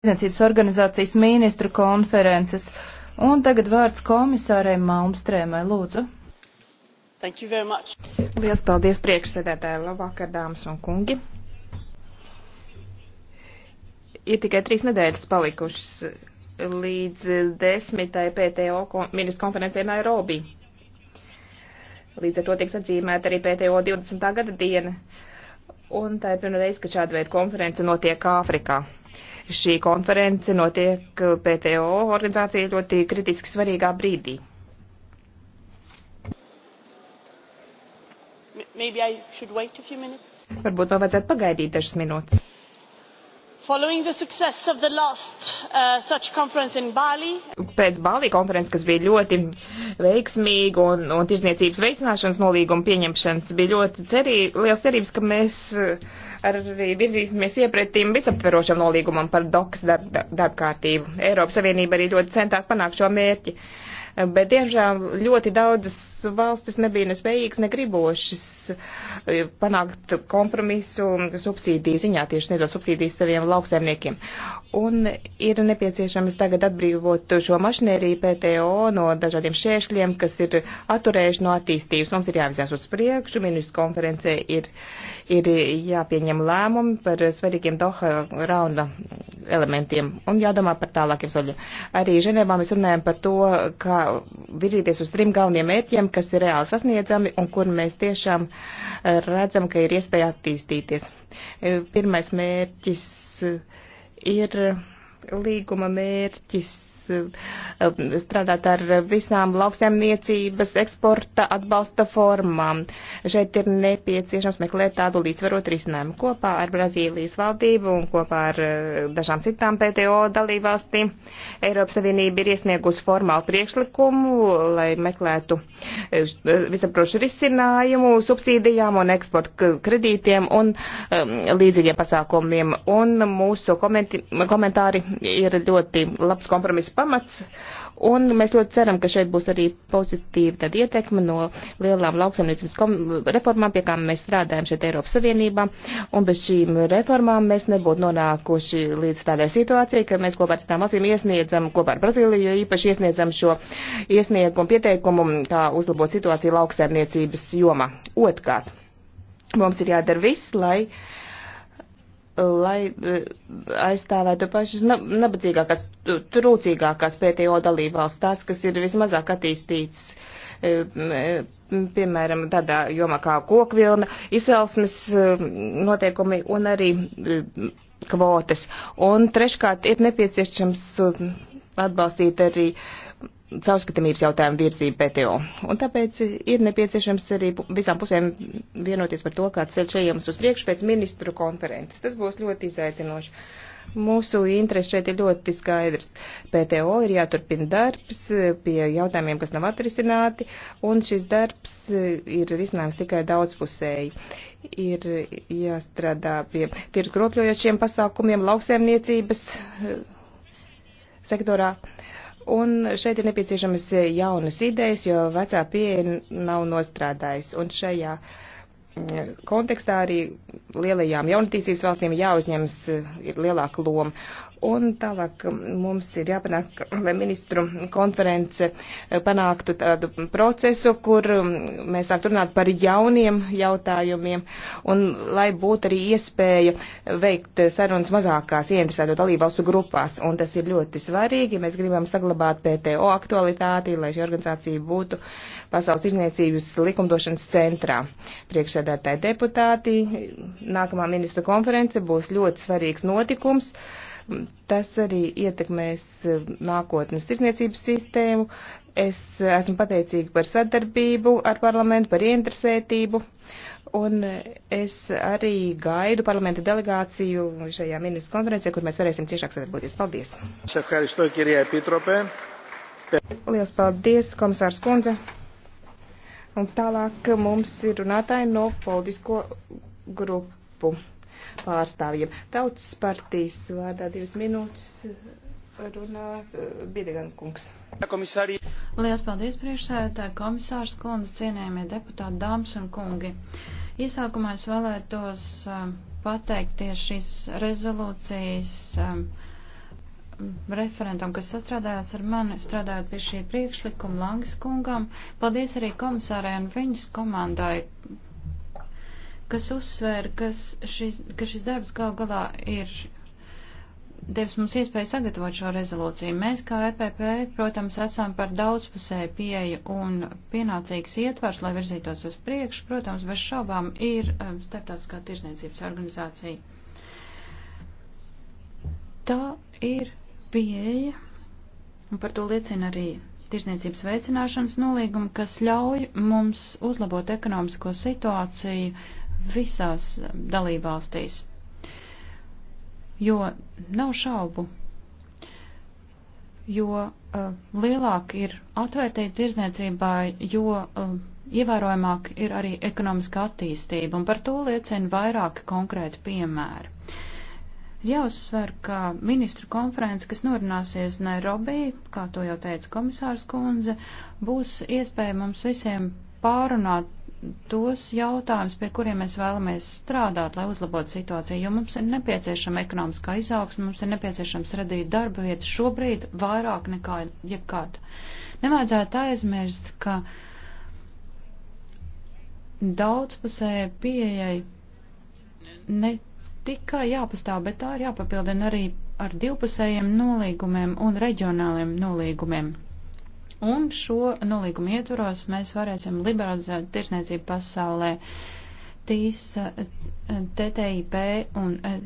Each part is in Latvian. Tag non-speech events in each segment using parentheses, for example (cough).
tirdzniecības organizācijas ministru konferences. Un tagad vārds komisārai Malmstrēmai, lūdzu. Lielas paldies priekšsēdētāji, labvakar, dāmas un kungi. Ir tikai trīs nedēļas palikušas līdz desmitai PTO ministru konferencē Nairobi. Līdz ar to tiek sadzīmēta arī PTO 20. gada diena. Un tā ir pirmā reize, kad šāda veida konference notiek Āfrikā. Šī konference notiek eh, PTO organizācija ļoti kritiski svarīgā brīdī. Varbūt vēl vajadzētu pagaidīt dažas minūtes. Following the success of the last uh, such conference in Bali. Pēc Bali konferences, kas bija ļoti veiksmīga un, un tirzniecības veicināšanas nolīguma pieņemšanas, bija ļoti cerī, liels cerības, ka mēs uh, arī virzīsimies iepretīm visaptverošam nolīgumam par doks darb, darbkārtību. Eiropas Savienība arī ļoti centās panākt šo mērķi. Uh, bet diemžēl ļoti daudzas valstis nebija ne spējīgas, ne gribošas e, panākt kompromisu subsīdiju ziņā, tieši nedot subsīdijas saviem lauksaimniekiem. Un ir nepieciešams tagad atbrīvot šo mašinēriju PTO no dažādiem šķēršļiem, kas ir atturējuši no attīstības. Mums ir jāvizās uz priekšu, ministrs konferencē ir, ir jāpieņem lēmumi par svarīgiem Doha raunda elementiem un jādomā par tālākiem soļiem. Arī Ženēvā mēs runājam par to, kā virzīties uz trim galveniem mērķiem, kas ir reāli sasniedzami un kur mēs tiešām eh, redzam, ka ir iespēja attīstīties. Eh, pirmais mērķis eh, ir līguma mērķis Eh, strādāt ar visām lauksaimniecības eksporta atbalsta formām. Šeit ir nepieciešams meklēt tādu līdzvarot risinājumu kopā ar Brazīlijas valdību un kopā ar eh, dažām citām PTO dalībvalstīm. Eiropas Savienība ir iesniegusi formālu priekšlikumu, lai meklētu eh, visaprošu risinājumu subsīdijām un eksporta kredītiem un um, līdzīgiem pasākumiem. Un mūsu komenti, komentāri ir ļoti labs kompromiss pamats. Un mēs ļoti ceram, ka šeit būs arī pozitīva tad ietekme no lielām lauksamniecības reformām, pie kām mēs strādājam šeit Eiropas Savienībā. Un bez šīm reformām mēs nebūtu nonākuši līdz tādai situācijai, ka mēs kopā ar citām valstīm iesniedzam, kopā ar Brazīliju īpaši iesniedzam šo iesniegumu pieteikumu, kā uzlabot situāciju lauksaimniecības jomā. Otkārt, mums ir jādara viss, lai. Uh, lai e, aizstāvētu pašas nabadzīgākās, trūcīgākās pētējo dalībvalsts, tās, kas ir vismazāk attīstītas, e, e, piemēram, tādā jomā kā kokvilna, izcelsmes noteikumi un arī kvotas. Un treškārt ir nepieciešams atbalstīt arī uh, caurskatāmības jautājumu virzību PTO. Un tāpēc ir nepieciešams arī visām pusēm vienoties par to, kāds ceļš ejams uz priekšu pēc ministru konferences. Tas būs ļoti izaicinoši. Mūsu interesi šeit ir ļoti skaidrs. PTO ir jāturpina darbs pie jautājumiem, kas nav atrisināti, un šis darbs ir risinājums tikai daudzpusēji. Ir jāstrādā pie tirgus kropļojošiem pasākumiem, lauksēmniecības sektorā. Uh, Un šeit ir nepieciešamas eh, jaunas idejas, jo vecā pieeja nav nostrādājis. Un šajā eh, kontekstā arī lielajām jaunatīstības valstīm jāuzņemas eh, lielāka loma. Un tālāk um, mums ir jāpanāk, lai ministru konference eh, panāktu tādu procesu, kur um, mēs sāktu runāt par jauniem jautājumiem un lai būtu arī iespēja veikt sarunas mazākās ieinteresēto dalībvalstu grupās. Un tas ir ļoti svarīgi, ja mēs gribam saglabāt PTO aktualitāti, lai šī organizācija būtu pasaules izniecības likumdošanas centrā. Priekšsēdētāji deputāti, nākamā ministru konference būs ļoti svarīgs notikums. Uh, tas arī ietekmēs eh, nākotnes tirsniecības sistēmu. Es esmu pateicīga par sadarbību ar parlamentu, par ieinteresētību, un eh, es arī gaidu parlamenta delegāciju šajā ministru konferencē, kur mēs varēsim ciešāk sadarboties. Paldies! Lielas paldies, komisārs Kundze! Un tālāk mums ir runātāji no politisko grupu pārstāvjiem. Tautas partijas vārdā divas minūtes runā eh, Bidegan kungs. Komisārī. Lielas paldies priekšsēdētāji, komisārs kundze, cienējamie deputāti, dāmas un kungi. Iesākumā es vēlētos eh, pateikties šīs rezolūcijas um, referentam, kas sastrādājās ar mani, strādājot pie šī priekšlikuma Langas kungam. Paldies arī komisārai un viņas komandai, kas uzsver, kas šis, ka šis darbs gal galā ir devis mums iespēju sagatavot šo rezolūciju. Mēs kā EPP, protams, esam par daudzpusēju pieeju un pienācīgs ietvars, lai virzītos uz priekšu, protams, bez šaubām ir um, starptautiskā tirzniecības organizācija. Tā ir pieeja, un par to liecina arī tirzniecības veicināšanas nolīguma, kas ļauj mums uzlabot ekonomisko situāciju visās dalībvalstīs. Jo nav šaubu, jo uh, lielāk ir atvērtība tirzniecībai, jo uh, ievērojamāk ir arī ekonomiska attīstība, un par to liecina vairāki konkrēti piemēri. Jāuzsver, ka ministru konference, kas norināsies Nairobi, kā to jau teica komisārs kundze, būs iespēja mums visiem pārunāt tos jautājumus, pie kuriem mēs vēlamies strādāt, lai uzlabotu situāciju, jo mums ir nepieciešama ekonomiskā izaugsme, mums ir nepieciešams radīt darba vietas šobrīd vairāk nekā jebkad. Nevajadzētu aizmirst, ka daudzpusēja pieejai ne tikai jāpastāv, bet tā ir jāpapildina arī ar divpusējiem nolīgumiem un reģionāliem nolīgumiem un šo nolīgumu ietvaros mēs varēsim liberalizēt tirsniecību pasaulē. Tīs eh, TTIP un eh,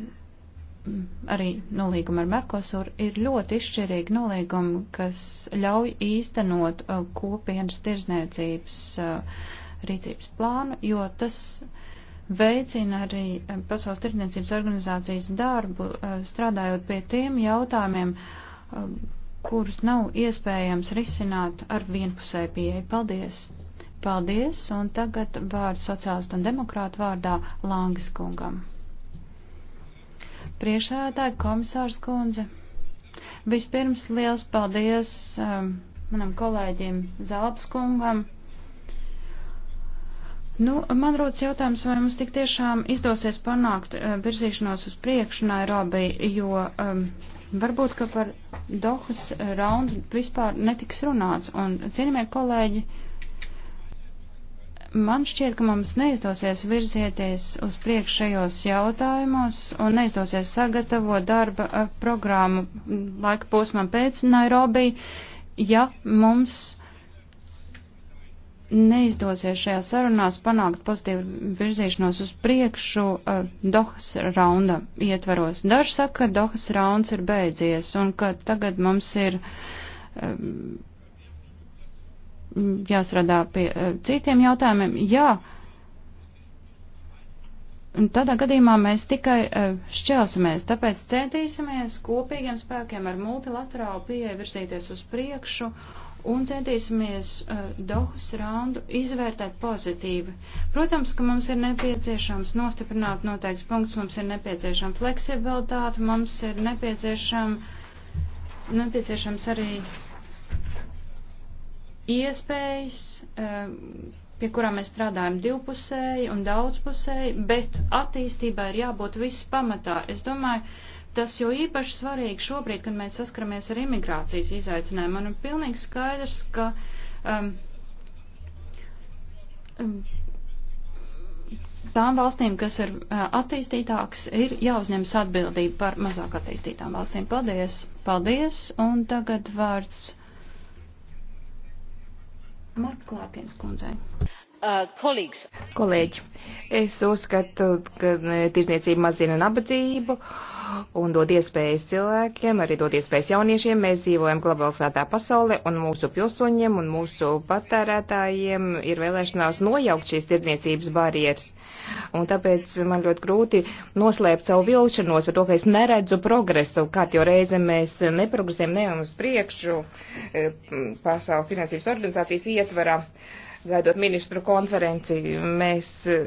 arī nolīguma ar Merkosur ir ļoti izšķirīgi nolīgumi, kas ļauj īstenot eh, kopienas tirzniecības rīcības plānu, jo tas veicina arī Pasaules tirzniecības organizācijas darbu, strādājot pie tiem jautājumiem, kurus nav iespējams risināt ar vienpusēju pieeju. Paldies! Paldies! Un tagad vārds sociālistu un demokrātu vārdā Langas kungam. Priekšsēdētāji komisārs kundze. Vispirms liels paldies um, manam kolēģim Zāps kungam. Nu, man rodas jautājums, vai mums tik tiešām izdosies panākt uh, virzīšanos uh, uz priekšu Nairobi, jo um, Varbūt, ka par Dohas raundu vispār netiks runāts. Un, cienījamie kolēģi, man šķiet, ka mums neizdosies virzieties uz priekš šajos jautājumos un neizdosies sagatavot darba eh, programmu laika posmam pēc Nairobi, ja mums neizdosies šajā sarunās panākt pozitīvu virzīšanos uz priekšu uh, Dohas raunda ietvaros. Daži saka, ka Dohas rauns ir beidzies un ka tagad mums ir um, jāsradā pie uh, citiem jautājumiem. Jā, un tādā gadījumā mēs tikai uh, šķelsimies, tāpēc centīsimies kopīgiem spēkiem ar multilaterālu pieeja virzīties uz priekšu. Uh, un centīsimies uh, Dohas raundu izvērtēt pozitīvi. Protams, ka mums ir nepieciešams nostiprināt noteikts punkts, mums ir nepieciešama fleksibilitāte, mums ir nepieciešama, nepieciešams arī iespējas, uh, pie kurām mēs strādājam divpusēji un daudzpusēji, bet attīstībai ir jābūt viss pamatā. Es domāju, uh, Tas jau īpaši svarīgi šobrīd, kad mēs saskaramies ar imigrācijas izaicinājumu. Man ir pilnīgi skaidrs, ka um, um, tām valstīm, kas ir uh, attīstītāks, ir jāuzņems atbildība par mazāk attīstītām valstīm. Paldies! Paldies! Un tagad vārds Marta Klārkins kundzei. Uh, Kolēģi, es uzskatu, ka e, tirzniecība mazina nabadzību un dod iespējas cilvēkiem, arī dod iespējas jauniešiem. Mēs dzīvojam globalizētā pasaulē, un mūsu pilsoņiem un mūsu patērētājiem ir vēlēšanās nojaukt šīs tirdzniecības barjeras. Un tāpēc man ļoti grūti noslēpt savu vilšanos par to, ka es neredzu progresu, kā jau reize mēs neprogresējam ne uz priekšu e, pasaules tirdzniecības organizācijas ietvarā. Uh, gaidot ministru konferenci, mēs eh,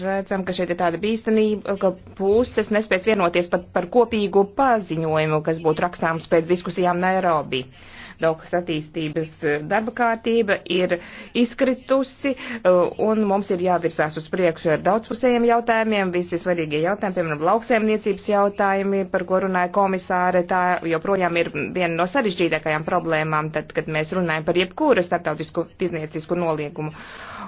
redzam, ka šeit ir tāda bīstamība, ka puses nespēs vienoties pat par kopīgu paziņojumu, kas būtu rakstāms pēc diskusijām Nairobi. Uh, Daudzas attīstības eh, darba kārtība ir izkritusi, eh, un mums ir jāvirsās uz priekšu ar daudzpusējiem jautājumiem. Visi svarīgie jautājumi, piemēram, lauksēmniecības jautājumi, par ko runāja komisāre, tā joprojām ir viena no sarežģītākajām problēmām, tad, kad mēs runājam par jebkuru starptautisku tizniecisku noliegumu.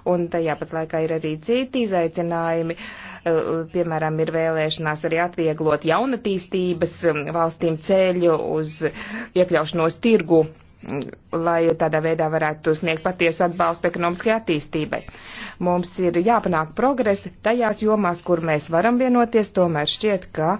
Un tajā pat laikā ir arī citi izaicinājumi. Uh, Eh, piemēram, ir vēlēšanās arī atvieglot jaunatīstības mm, valstīm ceļu uz iekļaušanos tirgu mm, lai tādā veidā varētu sniegt patiesu atbalstu ekonomiskajai attīstībai. Mums ir jāpanāk progresi tajās jomās, kur mēs varam vienoties, tomēr šķiet, ka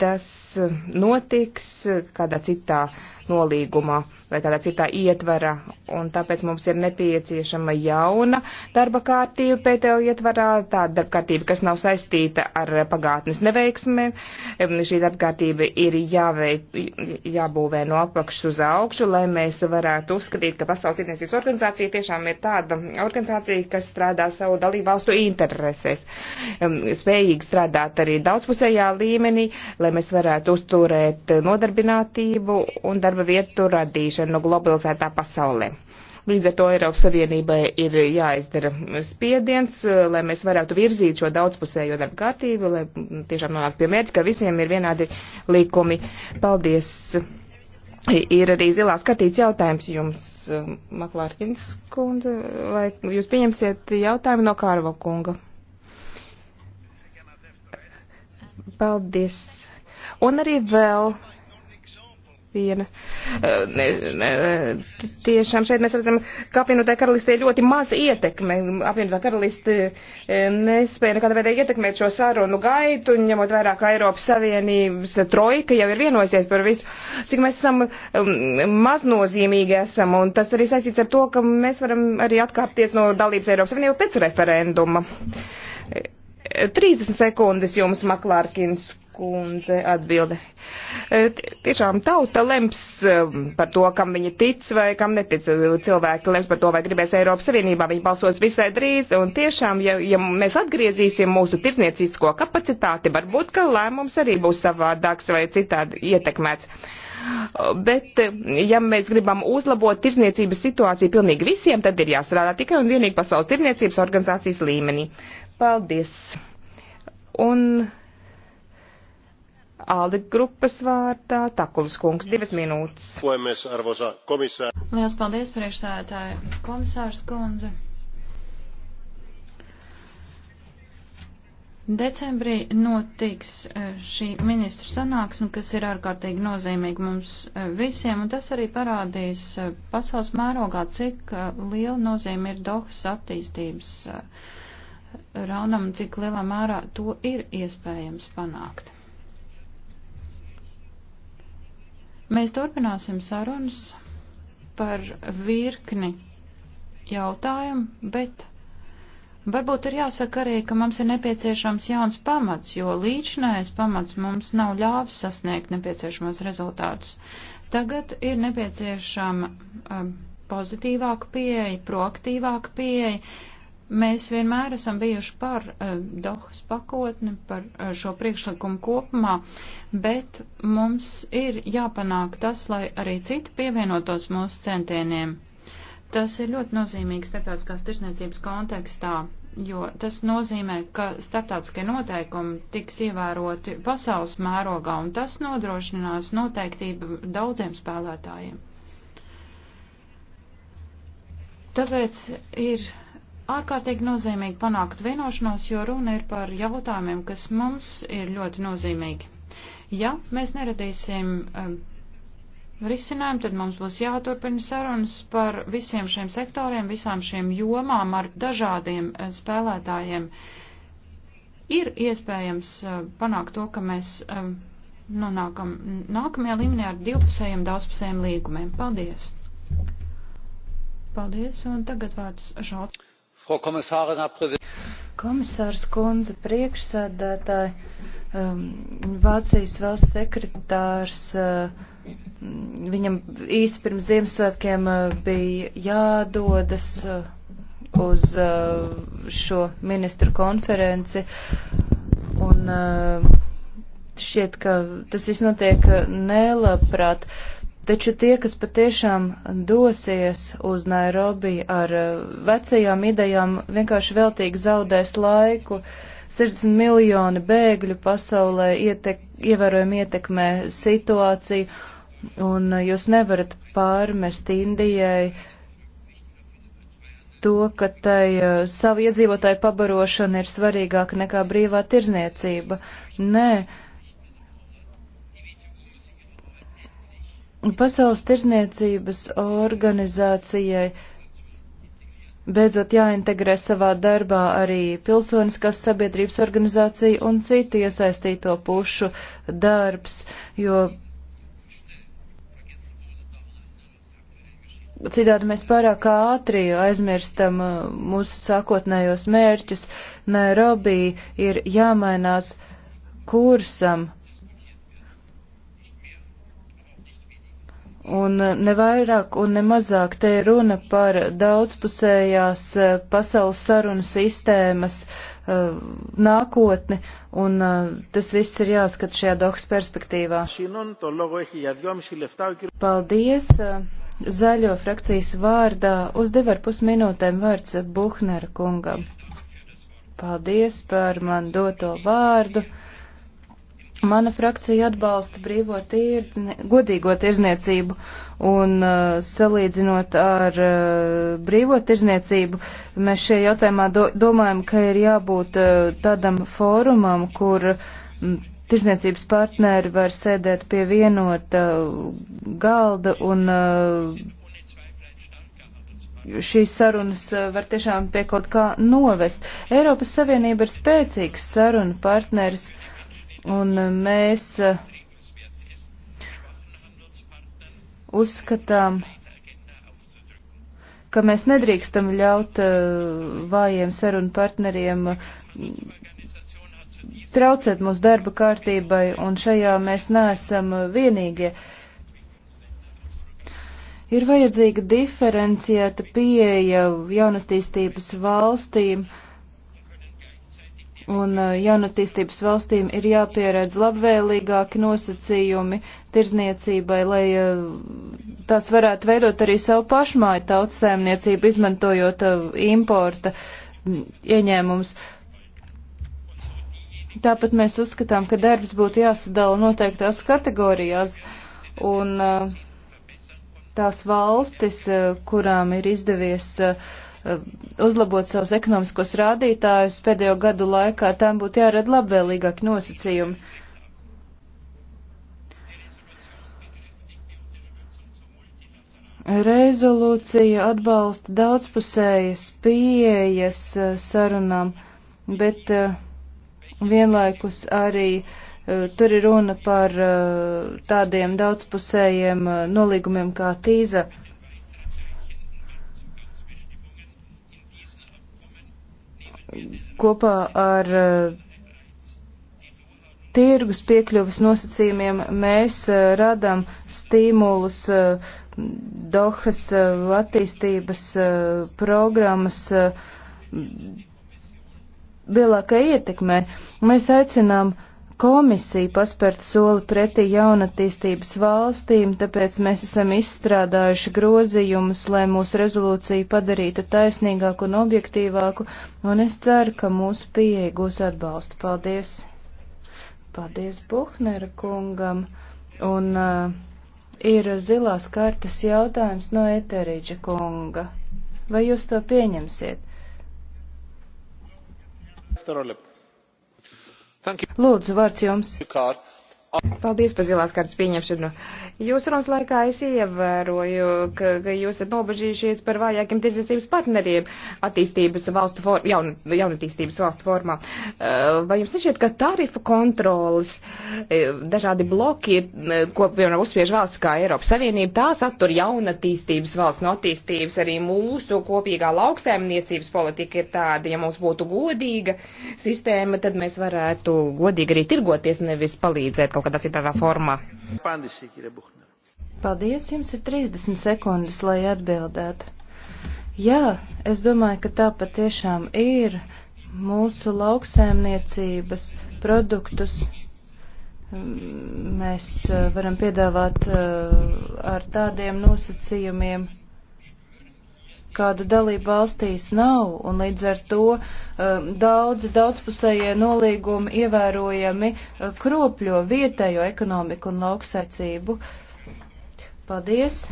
tas mm, notiks kādā citā nolīgumā vai kādā citā ietvarā, un tāpēc mums ir nepieciešama jauna darba kārtība PTO ietvarā, tāda darba kārtība, kas nav saistīta ar pagātnes neveiksmēm. Šī darba kārtība ir jāveic, jābūvē no apakšas uz augšu, lai mēs varētu uzskatīt, ka Pasaules tirdzniecības organizācija tiešām ir tāda organizācija, kas strādā savu dalību valstu interesēs, spējīgi strādāt arī daudzpusējā līmenī, lai mēs varētu uzturēt nodarbinātību un darbu darba vietu radīšanu globalizētā pasaulē. Līdz ar to Eiropas Savienībai ir jāizdara spiediens, lai mēs varētu virzīt šo daudzpusējo darbu kārtību, lai tiešām nonāktu pie mērķa, ka visiem ir vienādi līkumi. Paldies! Ir arī zilā skatīts jautājums jums, Maklārkins kundze, vai jūs pieņemsiet jautājumu no Kārva kunga? Paldies. Un arī vēl viena. Eh, ne, ne, tiešām šeit mēs redzam, ka apvienotā karalistē ļoti maz ietekme. Apvienotā karaliste eh, nespēja nekādā veidā ietekmēt šo sarunu gaitu, ņemot vairāk, ka Eiropas Savienības trojka jau ir vienojusies par visu, cik mēs esam um, maznozīmīgi esam, un tas arī saistīts ar to, ka mēs varam arī atkāpties no dalības Eiropas Savienībā pēc referenduma. 30 eh, sekundes jums, Maklārkins kundze atbilde. E, tiešām tauta lems e, par to, kam viņi tic vai kam netic. E, cilvēki lems par to, vai gribēs Eiropas Savienībā. Viņi balsos visai drīz. Un tiešām, ja, ja mēs atgriezīsim mūsu tirsniecīsko kapacitāti, varbūt, ka lēmums arī būs savādāks vai citādi ietekmēts. Bet, ja mēs gribam uzlabot tirzniecības situāciju pilnīgi visiem, tad ir jāstrādā tikai un vienīgi pasaules tirzniecības organizācijas līmenī. Paldies! Un Alde grupas vārdā Takulis kungs, divas minūtes. Puhemies, arvoisa komisār. Liels paldies, priekšsēdētāji. Komisārs kundze. Decembrī notiks eh, šī ministru sanāksme, kas ir ārkārtīgi nozīmīga mums eh, visiem, un tas arī parādīs eh, pasaules mērogā, cik liela nozīme ir Dohas attīstības raunam, cik lielā mērā to ir iespējams panākt. Mēs turpināsim sarunas par virkni jautājumu, bet varbūt ir jāsaka arī, ka mums ir nepieciešams jauns pamats, jo līdzinājais pamats mums nav ļāvis sasniegt nepieciešamos rezultātus. Tagad ir nepieciešama um, pozitīvāka pieeja, proaktīvāka pieeja, Mēs vienmēr esam bijuši par uh, Dohas pakotni, par uh, šo priekšlikumu kopumā, bet mums ir jāpanāk tas, lai arī citi pievienotos mūsu centieniem. Tas ir ļoti nozīmīgs starptautiskās tirsniecības kontekstā, jo tas nozīmē, ka starptautiskie noteikumi tiks ievēroti pasaules mērogā, un tas nodrošinās noteiktību daudziem spēlētājiem. Tāpēc ir ārkārtīgi nozīmīgi panākt vienošanos, jo runa ir par jautājumiem, kas mums ir ļoti nozīmīgi. Ja mēs neradīsim um, risinājumu, tad mums būs jāturpina sarunas par visiem šiem sektoriem, visām šiem jomām ar dažādiem uh, spēlētājiem. Ir iespējams uh, panākt to, ka mēs um, nonākam nākamajā līmenī ar divpusējiem, daudzpusējiem līgumiem. Paldies! Paldies, un tagad vārds Žots. Frau Kommissarin, Herr Präsident! Komisārs kundze priekšsēdētāji, um, Vācijas valsts sekretārs, uh, viņam īsi pirms Ziemassvētkiem uh, bija jādodas uh, uz uh, šo ministru konferenci. Un, uh, Šķiet, ka tas viss notiek nelabprāt. Uh, Taču tie, kas patiešām dosies uz Nairobi ar eh, vecajām idejām, vienkārši veltīgi zaudēs laiku. 60 miljoni bēgļu pasaulē ietek, ievērojami ietekmē situāciju, un jūs nevarat pārmest Indijai to, ka tai eh, savu iedzīvotāju pabarošana ir svarīgāka nekā brīvā tirzniecība. Nē, uh, Pasaules tirzniecības organizācijai beidzot jāintegrē savā darbā arī pilsoniskās sabiedrības organizācija un citu iesaistīto pušu darbs, jo citādi mēs pārāk ātri aizmirstam uh, mūsu sākotnējos mērķus. Nairobi ir jāmainās kursam. Un nevairāk un nemazāk te ir runa par daudzpusējās eh, pasaules sarunu sistēmas uh, nākotni, un uh, tas viss ir jāskat šajā dohas perspektīvā. Paldies! Zaļo frakcijas vārdā uz divarpus minūtēm vārds Buhnera kungam. Paldies par man doto vārdu. Uh, Mana frakcija atbalsta brīvo tirdzniecību, godīgo tirdzniecību un uh, salīdzinot ar uh, brīvo tirdzniecību, mēs šajā jautājumā do, domājam, ka ir jābūt uh, tādam fórumam, kur mm, tirdzniecības partneri var sēdēt pie vienota uh, galda un uh, šīs sarunas uh, var tiešām pie kaut kā novest. Eiropas Savienība ir spēcīgs sarunu partners. Uh, Un mēs eh, uzskatām, ka mēs nedrīkstam ļaut eh, vājiem sarunu partneriem eh, traucēt mūsu darba kārtībai, un šajā mēs neesam vienīgie. Ir vajadzīga diferenciēta pieeja jaunatīstības valstīm. Uh, un uh, jaunatīstības valstīm ir jāpieredz labvēlīgāki nosacījumi tirzniecībai, lai uh, tās varētu veidot arī savu pašmāju tautsēmniecību, izmantojot uh, importa mm, ieņēmumus. Tāpat mēs uzskatām, ka darbs būtu jāsadala noteiktās kategorijās, un tās valstis, kurām ir izdevies uh, Eh, uzlabot savus ekonomiskos rādītājus pēdējo gadu laikā, tām būtu jārada labvēlīgāki nosacījumi. Rezolūcija atbalsta daudzpusējas pieejas eh, sarunām, bet eh, vienlaikus arī tur ir runa par tādiem daudzpusējiem nolīgumiem kā tīza. kopā ar eh, tirgus piekļuvas nosacījumiem mēs eh, radam stimulus eh, Dohas attīstības programmas lielākai ietekmē. Mēs aicinām uh, komisija paspērt soli pretī jaunatīstības valstīm, tāpēc mēs esam izstrādājuši grozījumus, lai mūsu rezolūciju padarītu taisnīgāku un objektīvāku, un es ceru, ka mūsu pieeja gūs atbalstu. Paldies! Paldies Buhnera kungam! Un uh, ir zilās kartas jautājums no Eterīģa kunga. Vai jūs to pieņemsiet? Starolep. Lūdzu, vārds jums. Paldies par zilās kartas pieņemšanu. Jūsu runas laikā es ievēroju, ka, ka jūs esat nobežījušies par vājākiem tiesniecības partneriem attīstības valstu for, jaun, jaunatīstības valstu formā. Eh, vai jums nešķiet, ka tarifu kontrolas, eh, dažādi bloki, eh, ko, piemēram, uzspiež valsts kā Eiropas Savienība, tās attur jaunatīstības valsts no attīstības. Arī mūsu kopīgā lauksēmniecības politika ir tāda, ja mums būtu godīga sistēma, tad mēs varētu godīgi arī tirgoties, nevis palīdzēt kaut kaut kādā citādā formā. Pandisī, Paldies, jums ir 30 sekundes, lai atbildētu. Jā, es domāju, ka tā patiešām ir mūsu lauksēmniecības produktus. Mēs eh, varam piedāvāt eh, ar tādiem nosacījumiem, kāda dalība valstīs nav, un līdz ar to um, daudzi daudzpusējie nolīgumi ievērojami uh, kropļo vietējo ekonomiku un lauksaicību. Paldies!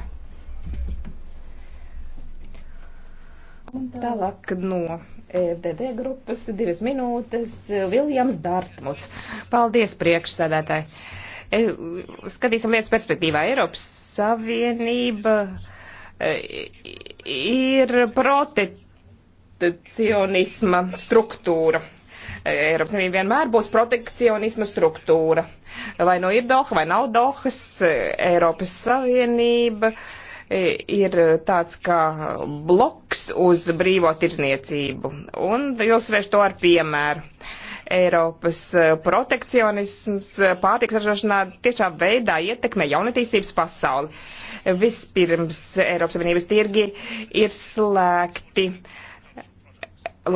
Tālāk no FDD e grupas divas minūtes Viljams Dārtmuts. Paldies priekšsēdētāji. E, skatīsim lietas perspektīvā. Eiropas Savienība. Uh, ir protekcionisma struktūra. Eiropas Savienība vienmēr būs protekcionisma struktūra. Vai nu no ir Doha vai nav Dohas, Eiropas Savienība ir tāds kā bloks uz brīvo tirzniecību. Un ilustrēšu to ar piemēru. Eiropas protekcionisms pārtiks ražošanā tiešā veidā ietekmē jaunatīstības pasauli. Uh, Vispirms Eiropas Savienības tirgi ir slēgti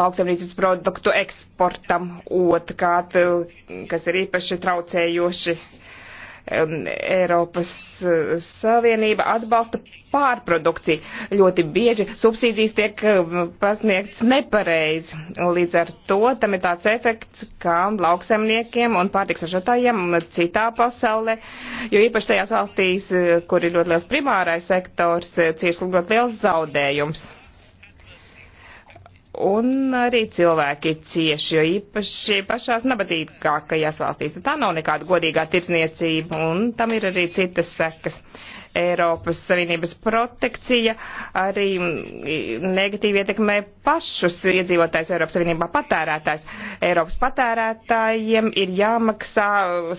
lauksaimniecības produktu eksportam, otrkārt, kas ir īpaši traucējoši uh, Eiropas eh, Savienība atbalsta pārprodukciju. Ļoti bieži subsīdijas tiek eh, pasniegts nepareizi. Līdz ar to tam ir tāds efekts, kā lauksemniekiem un pārtiksražotājiem citā pasaulē, jo īpaši tajās valstīs, eh, kur ir ļoti liels primārais sektors, cieši ļoti liels zaudējums un arī cilvēki cieši, jo īpaši pašās nabadzīgākajās valstīs. Tā nav nekāda godīgā tirdzniecība, un tam ir arī citas sekas. Eiropas Savienības protekcija arī negatīvi ietekmē pašus iedzīvotājus Eiropas Savienībā patērētājs. Eiropas patērētājiem ir jāmaksā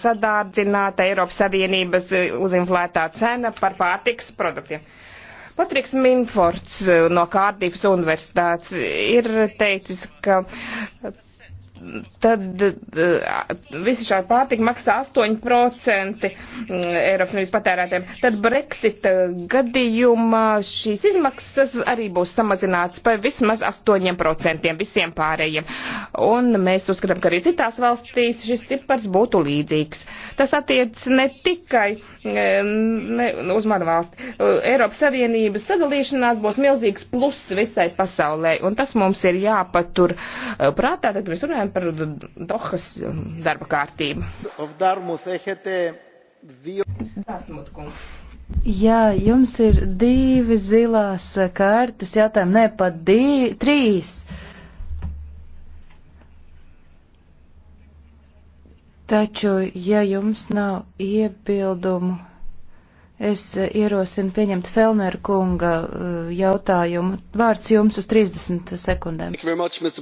sadārdzināta Eiropas Savienības uzinflētā cena par pārtiks produktiem. Patriks Minfords no Kārdības universitātes ir teicis, ka tad eh, visi šādi pārtika maksā 8% mm, Eiropas Savienības patērētiem. Tad Brexita eh, gadījumā šīs izmaksas arī būs samazināts par vismaz 8% visiem pārējiem. Un mēs uzskatām, ka arī citās valstīs šis cipars būtu līdzīgs. Tas attiec ne tikai ne, uz manu valsti. Eiropas Savienības sadalīšanās būs milzīgs pluss visai pasaulē, un tas mums ir jāpatur eh, prātā, tad mēs runājam par Dohas um, darba kārtību. Jā, jums ir divi zilās kārtas jautājumi, ne pat divi, trīs. Taču, ja jums nav iebildumu, es eh, ierosinu pieņemt Felner kunga eh, jautājumu. Vārds jums uz 30 sekundēm. Much,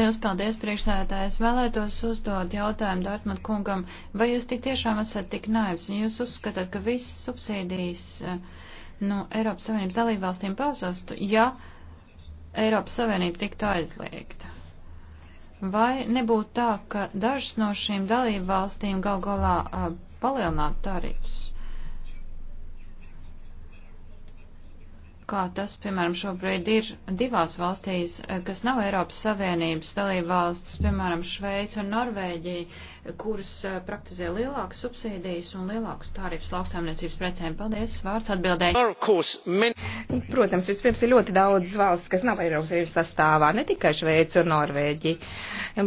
Liels paldies, priekšsēdētājs. Vēlētos uzdot jautājumu Dārtmat kungam, vai jūs tik tiešām esat tik naivs un jūs uzskatāt, ka visas subsīdijas eh, no Eiropas Savienības dalībvalstīm pazustu, ja Eiropas Savienība tiktu aizliegta? Vai nebūtu tā, ka dažas no šīm dalību valstīm gal galā uh, palielinātu tarifus? Kā tas, piemēram, šobrīd ir divās valstīs, kas nav Eiropas Savienības dalību valstis, piemēram, Šveica un Norvēģija, kuras eh, praktizē lielākas subsīdijas un lielākus tārifus lauksaimniecības precēm. Paldies, vārds atbildēji. Protams, vispirms ir ļoti daudz valsts, kas nav Eiropas Savienības sastāvā, ne tikai Šveica un Norvēģija.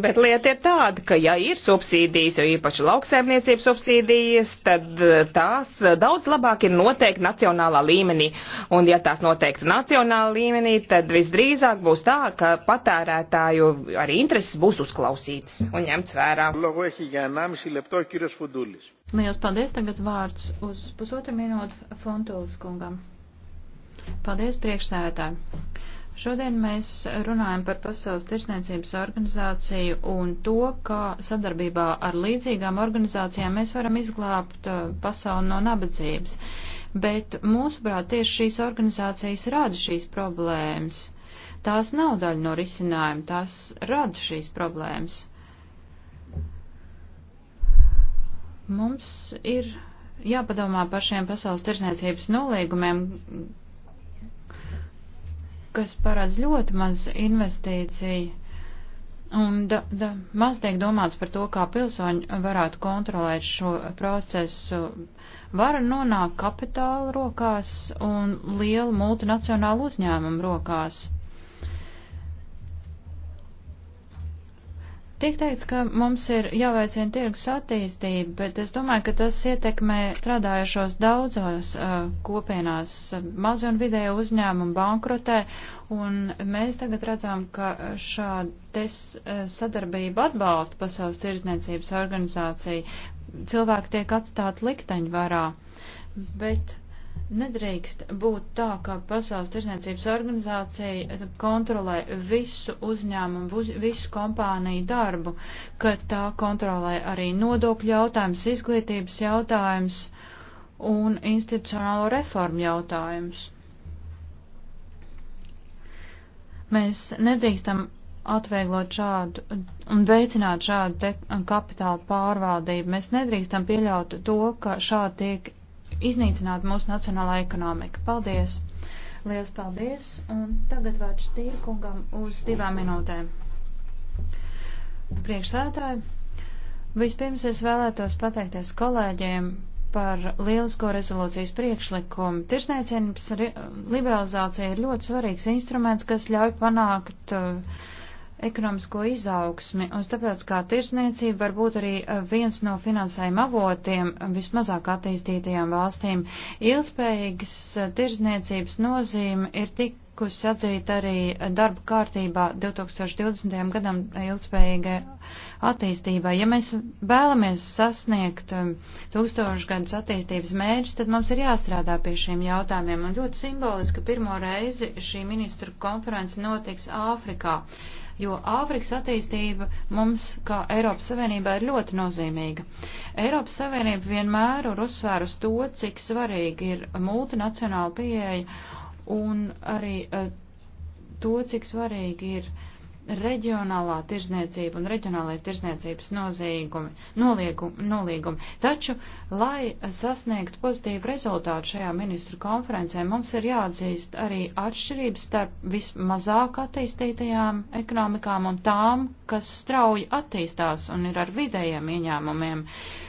Bet lieta ir tāda, ka ja ir subsīdijas, jo īpaši lauksaimniecības subsīdijas, tad eh, tās eh, daudz labāk ir noteikti nacionālā līmenī. Un ja tās noteikti nacionālā līmenī, tad visdrīzāk būs tā, ka patērētāju arī intereses būs uzklausītas un ņemts vērā. Logo, για 1,5 λεπτό ο κύριος Φουντούλης. Liels paldies, tagad vārds uz pusotru minūtu Fontūvas kungam. Paldies, priekšsēdētāji. Šodien mēs runājam par Pasaules tirsniecības organizāciju un to, kā sadarbībā ar līdzīgām organizācijām mēs varam izglābt uh, pasauli no nabadzības. Bet mūsuprāt, tieši šīs organizācijas rada šīs problēmas. Tās nav daļa no risinājuma, tās rada šīs problēmas. Mums ir jāpadomā par šiem pasaules tirsniecības nolīgumiem, kas parāds ļoti maz investīciju. Un da, da, maz tiek domāts par to, kā pilsoņi varētu kontrolēt šo procesu. Vara nonāk kapitāla rokās un lielu multinacionālu uzņēmumu rokās. Tiek teikts, ka mums ir jāveicina tirgus attīstība, bet es domāju, ka tas ietekmē strādājušos daudzos uh, kopienās. Mazi un vidēji uzņēmumi bankrotē, un mēs tagad redzam, ka šāda uh, sadarbība atbalsta pasaules tirzniecības organizāciju. Cilvēki tiek atstāti likteņvarā, bet Nedrīkst būt tā, ka Pasaules tirsniecības organizācija eh, kontrolē visu uzņēmumu, visu kompāniju darbu, ka tā kontrolē arī nodokļu jautājums, izglītības jautājums un institucionālo reformu jautājums. Mēs nedrīkstam atvieglot šādu un veicināt šādu kapitālu pārvaldību. Mēs nedrīkstam pieļaut to, ka šādi tiek iznīcināt mūsu nacionālā ekonomika. Paldies! Liels paldies! Un tagad vārds Tīrkungam uz divām minūtēm. Priekšsētāji, vispirms es vēlētos pateikties kolēģiem par lielisko rezolūcijas priekšlikumu. Tirsniecības liberalizācija ir ļoti svarīgs instruments, kas ļauj panākt uh, ekonomisko izaugsmi, un tāpēc kā tirsniecība var būt arī eh, viens no finansējuma avotiem eh, vismazāk attīstītajām valstīm. Ilgspējīgas eh, tirsniecības nozīme ir tikusi atzīta arī darba kārtībā 2020. gadam ilgspējīgai attīstībai. Ja mēs vēlamies sasniegt tūkstošgadus attīstības mērķus, tad mums ir jāstrādā pie šiem jautājumiem, un ļoti simboliski pirmo reizi šī ministru konference notiks Āfrikā jo Āfrikas attīstība mums, kā Eiropas Savienībā, ir ļoti nozīmīga. Eiropas Savienība vienmēr ir uzsvērus to, cik svarīgi ir multinacionāla pieeja un arī eh, to, cik svarīgi ir uh, reģionālā tirzniecība un reģionālai tirzniecības nozīgumi, noliegumi, nolīgumi. Taču, lai sasniegtu pozitīvu rezultātu šajā ministru konferencē, mums ir jāatzīst arī atšķirības starp vismazāk attīstītajām ekonomikām un tām, kas strauji attīstās un ir ar vidējiem ieņēmumiem. Uh,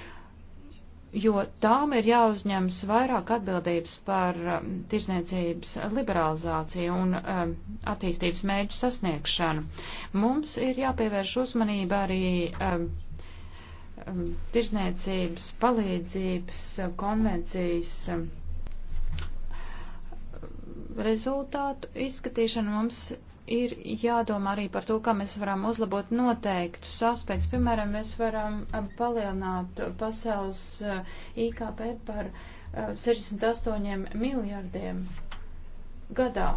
jo tām ir jāuzņems vairāk atbildības par um, tirzniecības liberalizāciju un um, attīstības mērķu sasniegšanu. Mums ir jāpievērš uzmanība arī um, um, tirzniecības palīdzības um, konvencijas. Um, rezultātu izskatīšana mums ir jādomā arī par to, kā mēs varam uzlabot noteiktus aspektus. Piemēram, mēs varam eh, palielināt pasaules eh, IKP par 68 eh, miljardiem gadā.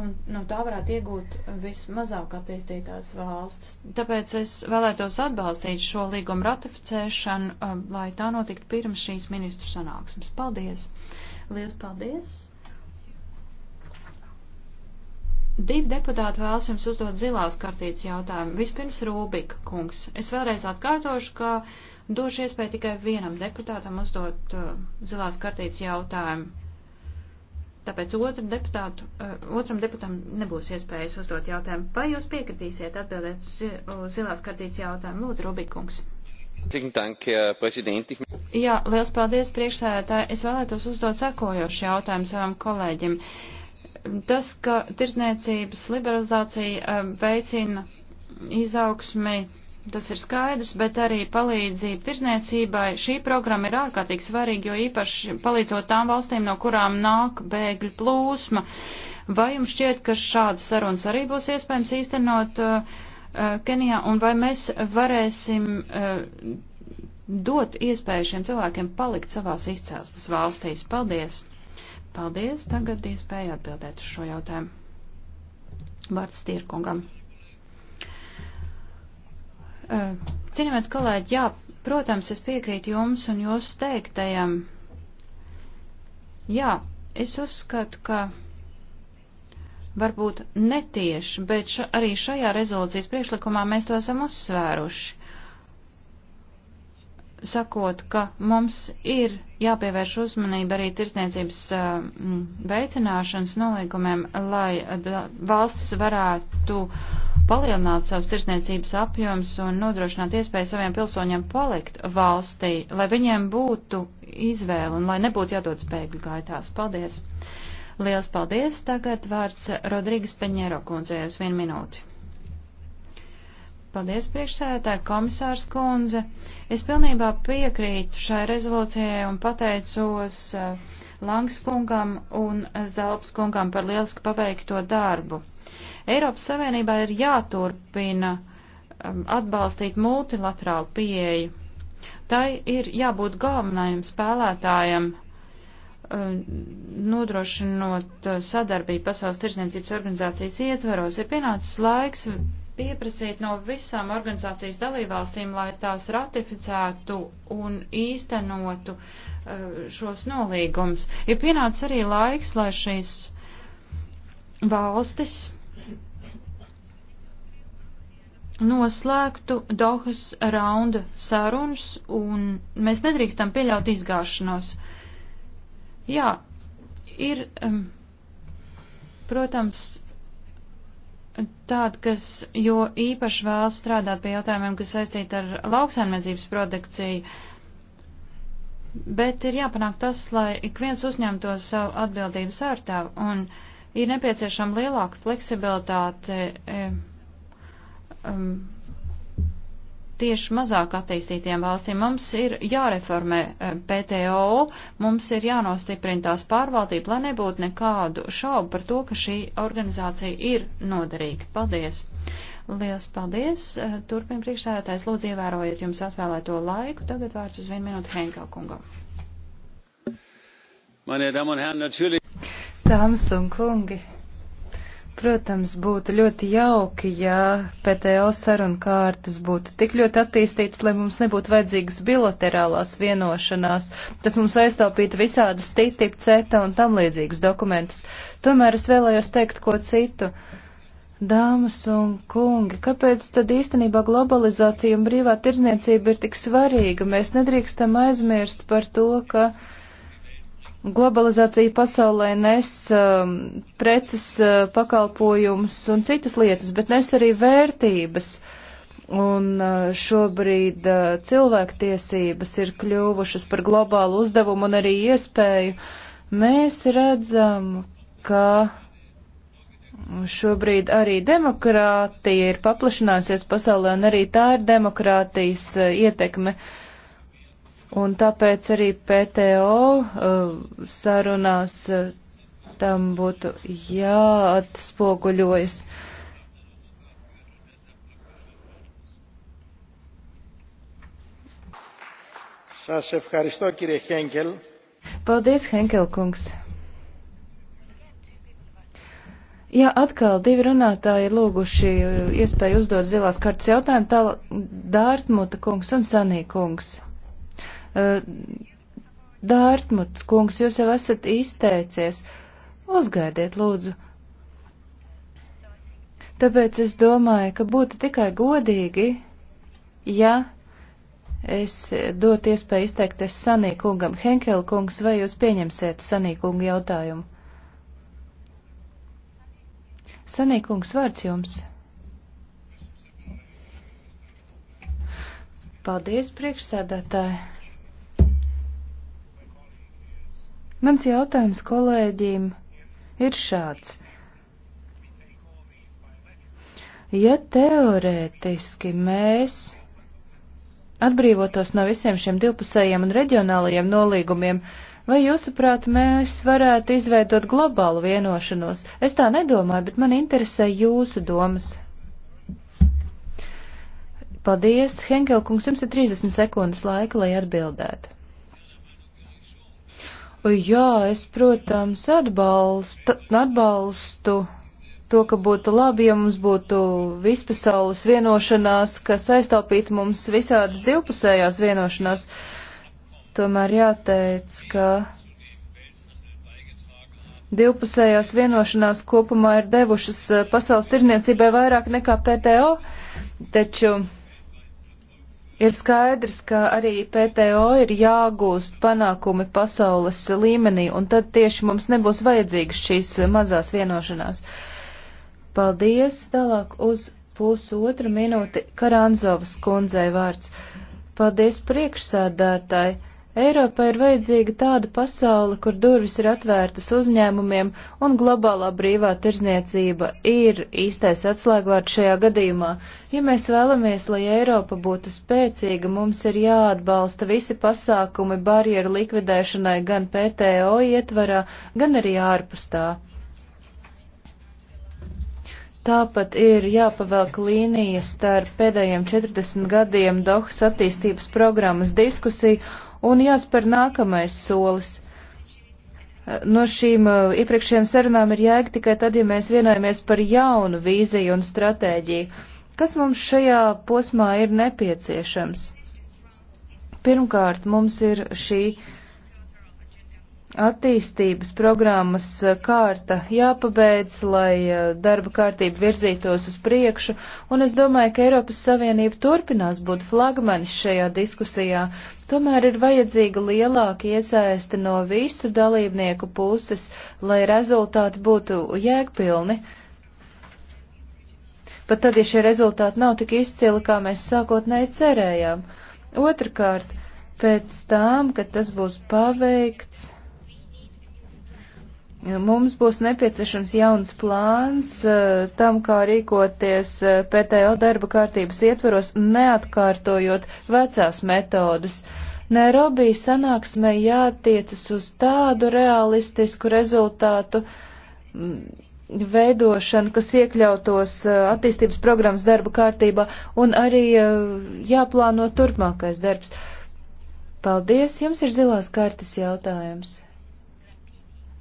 Un no tā varētu iegūt vismazāk attīstītās valstis. Tāpēc es vēlētos atbalstīt šo līgumu ratificēšanu, lai tā notiktu pirms šīs ministru sanāksmes. Paldies! Lielas paldies! Divi deputāti vēlas jums uzdot zilās kartītes jautājumu. Vispirms Rūbika kungs. Es vēlreiz atkārtošu, ka došu iespēju tikai vienam deputātam uzdot uh, zilās kartītes jautājumu. Tāpēc otram, deputātu, uh, otram deputam nebūs iespējas uzdot jautājumu. Vai jūs piekritīsiet atbildēt uz uh, zilās kartītes jautājumu? Lūdzu, Rubikungs. Jā, liels paldies priekšsēdētāji. Es vēlētos uzdot sekojošu jautājumu savam kolēģim. Uh, Tas, ka tirzniecības liberalizācija eh, veicina izaugsmi, tas ir skaidrs, bet arī palīdzība tirzniecībai. Šī programma ir ārkārtīgi svarīga, jo īpaši palīdzot tām valstīm, no kurām nāk bēgļu plūsma. Vai jums šķiet, ka šādas sarunas arī būs iespējams īstenot uh, Kenijā, un vai mēs varēsim uh, dot iespēju šiem cilvēkiem palikt savās izcelsmes valstīs? Paldies! Paldies, tagad iespēja atbildēt uz šo jautājumu. Vārds Tirkungam. Cienījamies kolēģi, jā, protams, es piekrītu jums un jūsu teiktajam. Jā, es uzskatu, ka varbūt netieši, bet ša, arī šajā rezolūcijas priekšlikumā mēs to esam uzsvēruši sakot, ka mums ir jāpievērš uzmanība arī tirsniecības veicināšanas nolīgumiem, lai valstis varētu palielināt savus tirsniecības apjoms un nodrošināt iespēju saviem pilsoņiem palikt valstī, lai viņiem būtu izvēle un lai nebūtu jādodas bēgļu gaitās. Paldies! Liels paldies! Tagad vārds Rodrīgas Peņero kundzei uz vienu minūti. Paldies, priekšsēdētāji, komisārs kundze. Es pilnībā piekrītu šai rezolūcijai un pateicos eh, Langs kungam un eh, Zelps kungam par lieliski paveikto darbu. Eiropas Savienībā ir jāturpina eh, atbalstīt multilaterālu pieeju. Tai ir jābūt galvenajam spēlētājam nodrošinot sadarbību Pasaules tirsniecības organizācijas ietvaros, ir pienācis laiks pieprasīt no visām organizācijas dalībvalstīm, lai tās ratificētu un īstenotu eh, šos nolīgumus. Ir pienācis arī laiks, lai šīs valstis noslēgtu Dohas raunda sarunas, un mēs nedrīkstam pieļaut izgāšanos. Jā, ir, protams, tādi, kas jo īpaši vēlas strādāt pie jautājumiem, kas saistīti ar lauksaimniecības produkciju, bet ir jāpanāk tas, lai ik viens uzņemto savu atbildību sārtāvu un ir nepieciešama lielāka fleksibilitāte. E, um, tieši mazāk attīstītiem valstīm. Mums ir jāreformē eh, PTO, mums ir jānostiprina tās pārvaldība, lai nebūtu nekādu šaubu par to, ka šī organizācija ir noderīga. Paldies! Liels paldies! Eh, turpin priekšsēdētājs, lūdzu ievērojiet jums atvēlēto laiku. Tagad vārds uz vienu minūtu Henkel kungam. Dāmas un kungi! Protams, būtu ļoti jauki, ja PTO sarunu kārtas būtu tik ļoti attīstītas, lai mums nebūtu vajadzīgas bilaterālās vienošanās. Tas mums aiztaupītu visādus TTIP, CETA un tam līdzīgus dokumentus. Tomēr es vēlējos teikt ko citu. Dāmas un kungi, kāpēc tad īstenībā globalizācija un brīvā tirzniecība ir tik svarīga? Mēs nedrīkstam aizmirst par to, ka. Uh, Globalizācija pasaulē nes um, preces, uh, pakalpojumus un citas lietas, bet nes arī vērtības. Un uh, šobrīd uh, cilvēktiesības ir kļuvušas par globālu uzdevumu un arī iespēju. Mēs redzam, ka šobrīd arī demokrātija ir paplašinājusies pasaulē un arī tā ir demokrātijas uh, ietekme. Uh, Un tāpēc arī PTO uh, sarunās uh, tam būtu jāatspoguļojas. Paldies, Henkel kungs. Jā, atkal divi runātāji ir lūguši uh, iespēju uzdot zilās kartas jautājumu, tā Dārtmuta kungs un Sanī kungs. Eh, Dārtmuts kungs, jūs jau esat izteicies. Uzgaidiet, lūdzu. Tāpēc es domāju, ka būtu tikai godīgi, ja es dotu iespēju izteikties Sanī kungam. Henkel kungs, vai jūs pieņemsiet Sanī kungu jautājumu? Sanī kungs, vārds jums. Paldies, priekšsēdētāji. Mans jautājums kolēģiem ir šāds. Ja teorētiski mēs atbrīvotos no visiem šiem divpusējiem un reģionālajiem nolīgumiem, vai jūsuprāt mēs varētu izveidot globālu vienošanos? Es tā nedomāju, bet man interesē jūsu domas. Paldies, Henkelkungs, jums ir 30 sekundes laika, lai atbildētu. Jā, es, protams, atbalstu, atbalstu to, ka būtu labi, ja mums būtu vispasaules vienošanās, kas aiztaupītu mums visādas divpusējās vienošanās. Tomēr jāteic, ka divpusējās vienošanās kopumā ir devušas eh, pasaules tirniecībai vairāk nekā PTO, taču Ir skaidrs, ka arī PTO ir jāgūst panākumi pasaules līmenī, un tad tieši mums nebūs vajadzīgas šīs mazās vienošanās. Paldies! Tālāk uz pusotra minūte Karanzovas kundzei vārds. Paldies priekšsādātāji! Eiropai ir vajadzīga tāda pasaule, kur durvis ir atvērtas uzņēmumiem, un globālā brīvā tirzniecība ir īstais atslēgvārds šajā gadījumā. Ja mēs vēlamies, lai Eiropa būtu spēcīga, mums ir jāatbalsta visi pasākumi barjeru likvidēšanai gan PTO ietvarā, gan arī ārpus tā. Tāpat ir jāpavelk līnija starp pēdējiem 40 gadiem Dohas attīstības programmas diskusiju un jāspēr nākamais solis. No šīm uh, iepriekšējām sarunām ir jēga tikai tad, ja mēs vienojamies par jaunu vīziju un stratēģiju. Kas mums šajā posmā ir nepieciešams? Pirmkārt, mums ir šī uh, attīstības programmas eh, kārta jāpabeidz, lai eh, darba kārtība virzītos uz priekšu, un es domāju, ka Eiropas Savienība turpinās būt flagmanis šajā diskusijā. Tomēr ir vajadzīga lielāka iesaiste no visu dalībnieku puses, lai rezultāti būtu jēgpilni. Pat tad, ja šie rezultāti nav tik izcili, kā mēs sākotnēji cerējām. Otrakārt, pēc tam, kad tas būs paveikts, Mums būs nepieciešams jauns plāns eh, tam, kā rīkoties eh, PTO darba kārtības ietveros, neatkārtojot vecās metodas. Nairobi sanāksmē jātiecas uz tādu realistisku rezultātu mm, veidošanu, kas iekļautos eh, attīstības programmas darba kārtībā un arī jāplāno turpmākais darbs. Paldies, jums ir zilās kartes jautājums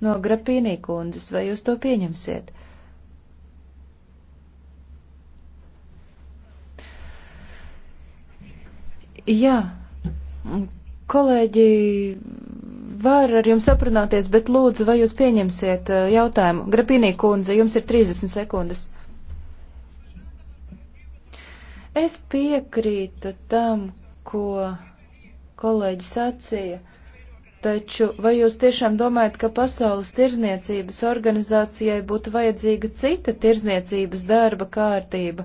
no Grapīnī kundzes, vai jūs to pieņemsiet? Jā, kolēģi var ar jums aprunāties, bet lūdzu, vai jūs pieņemsiet uh, jautājumu? Grapīnī kundze, jums ir 30 sekundes. Es piekrītu tam, ko kolēģi sacīja. Uh, Taču vai jūs tiešām domājat, ka Pasaules tirzniecības organizācijai būtu vajadzīga cita tirzniecības darba kārtība?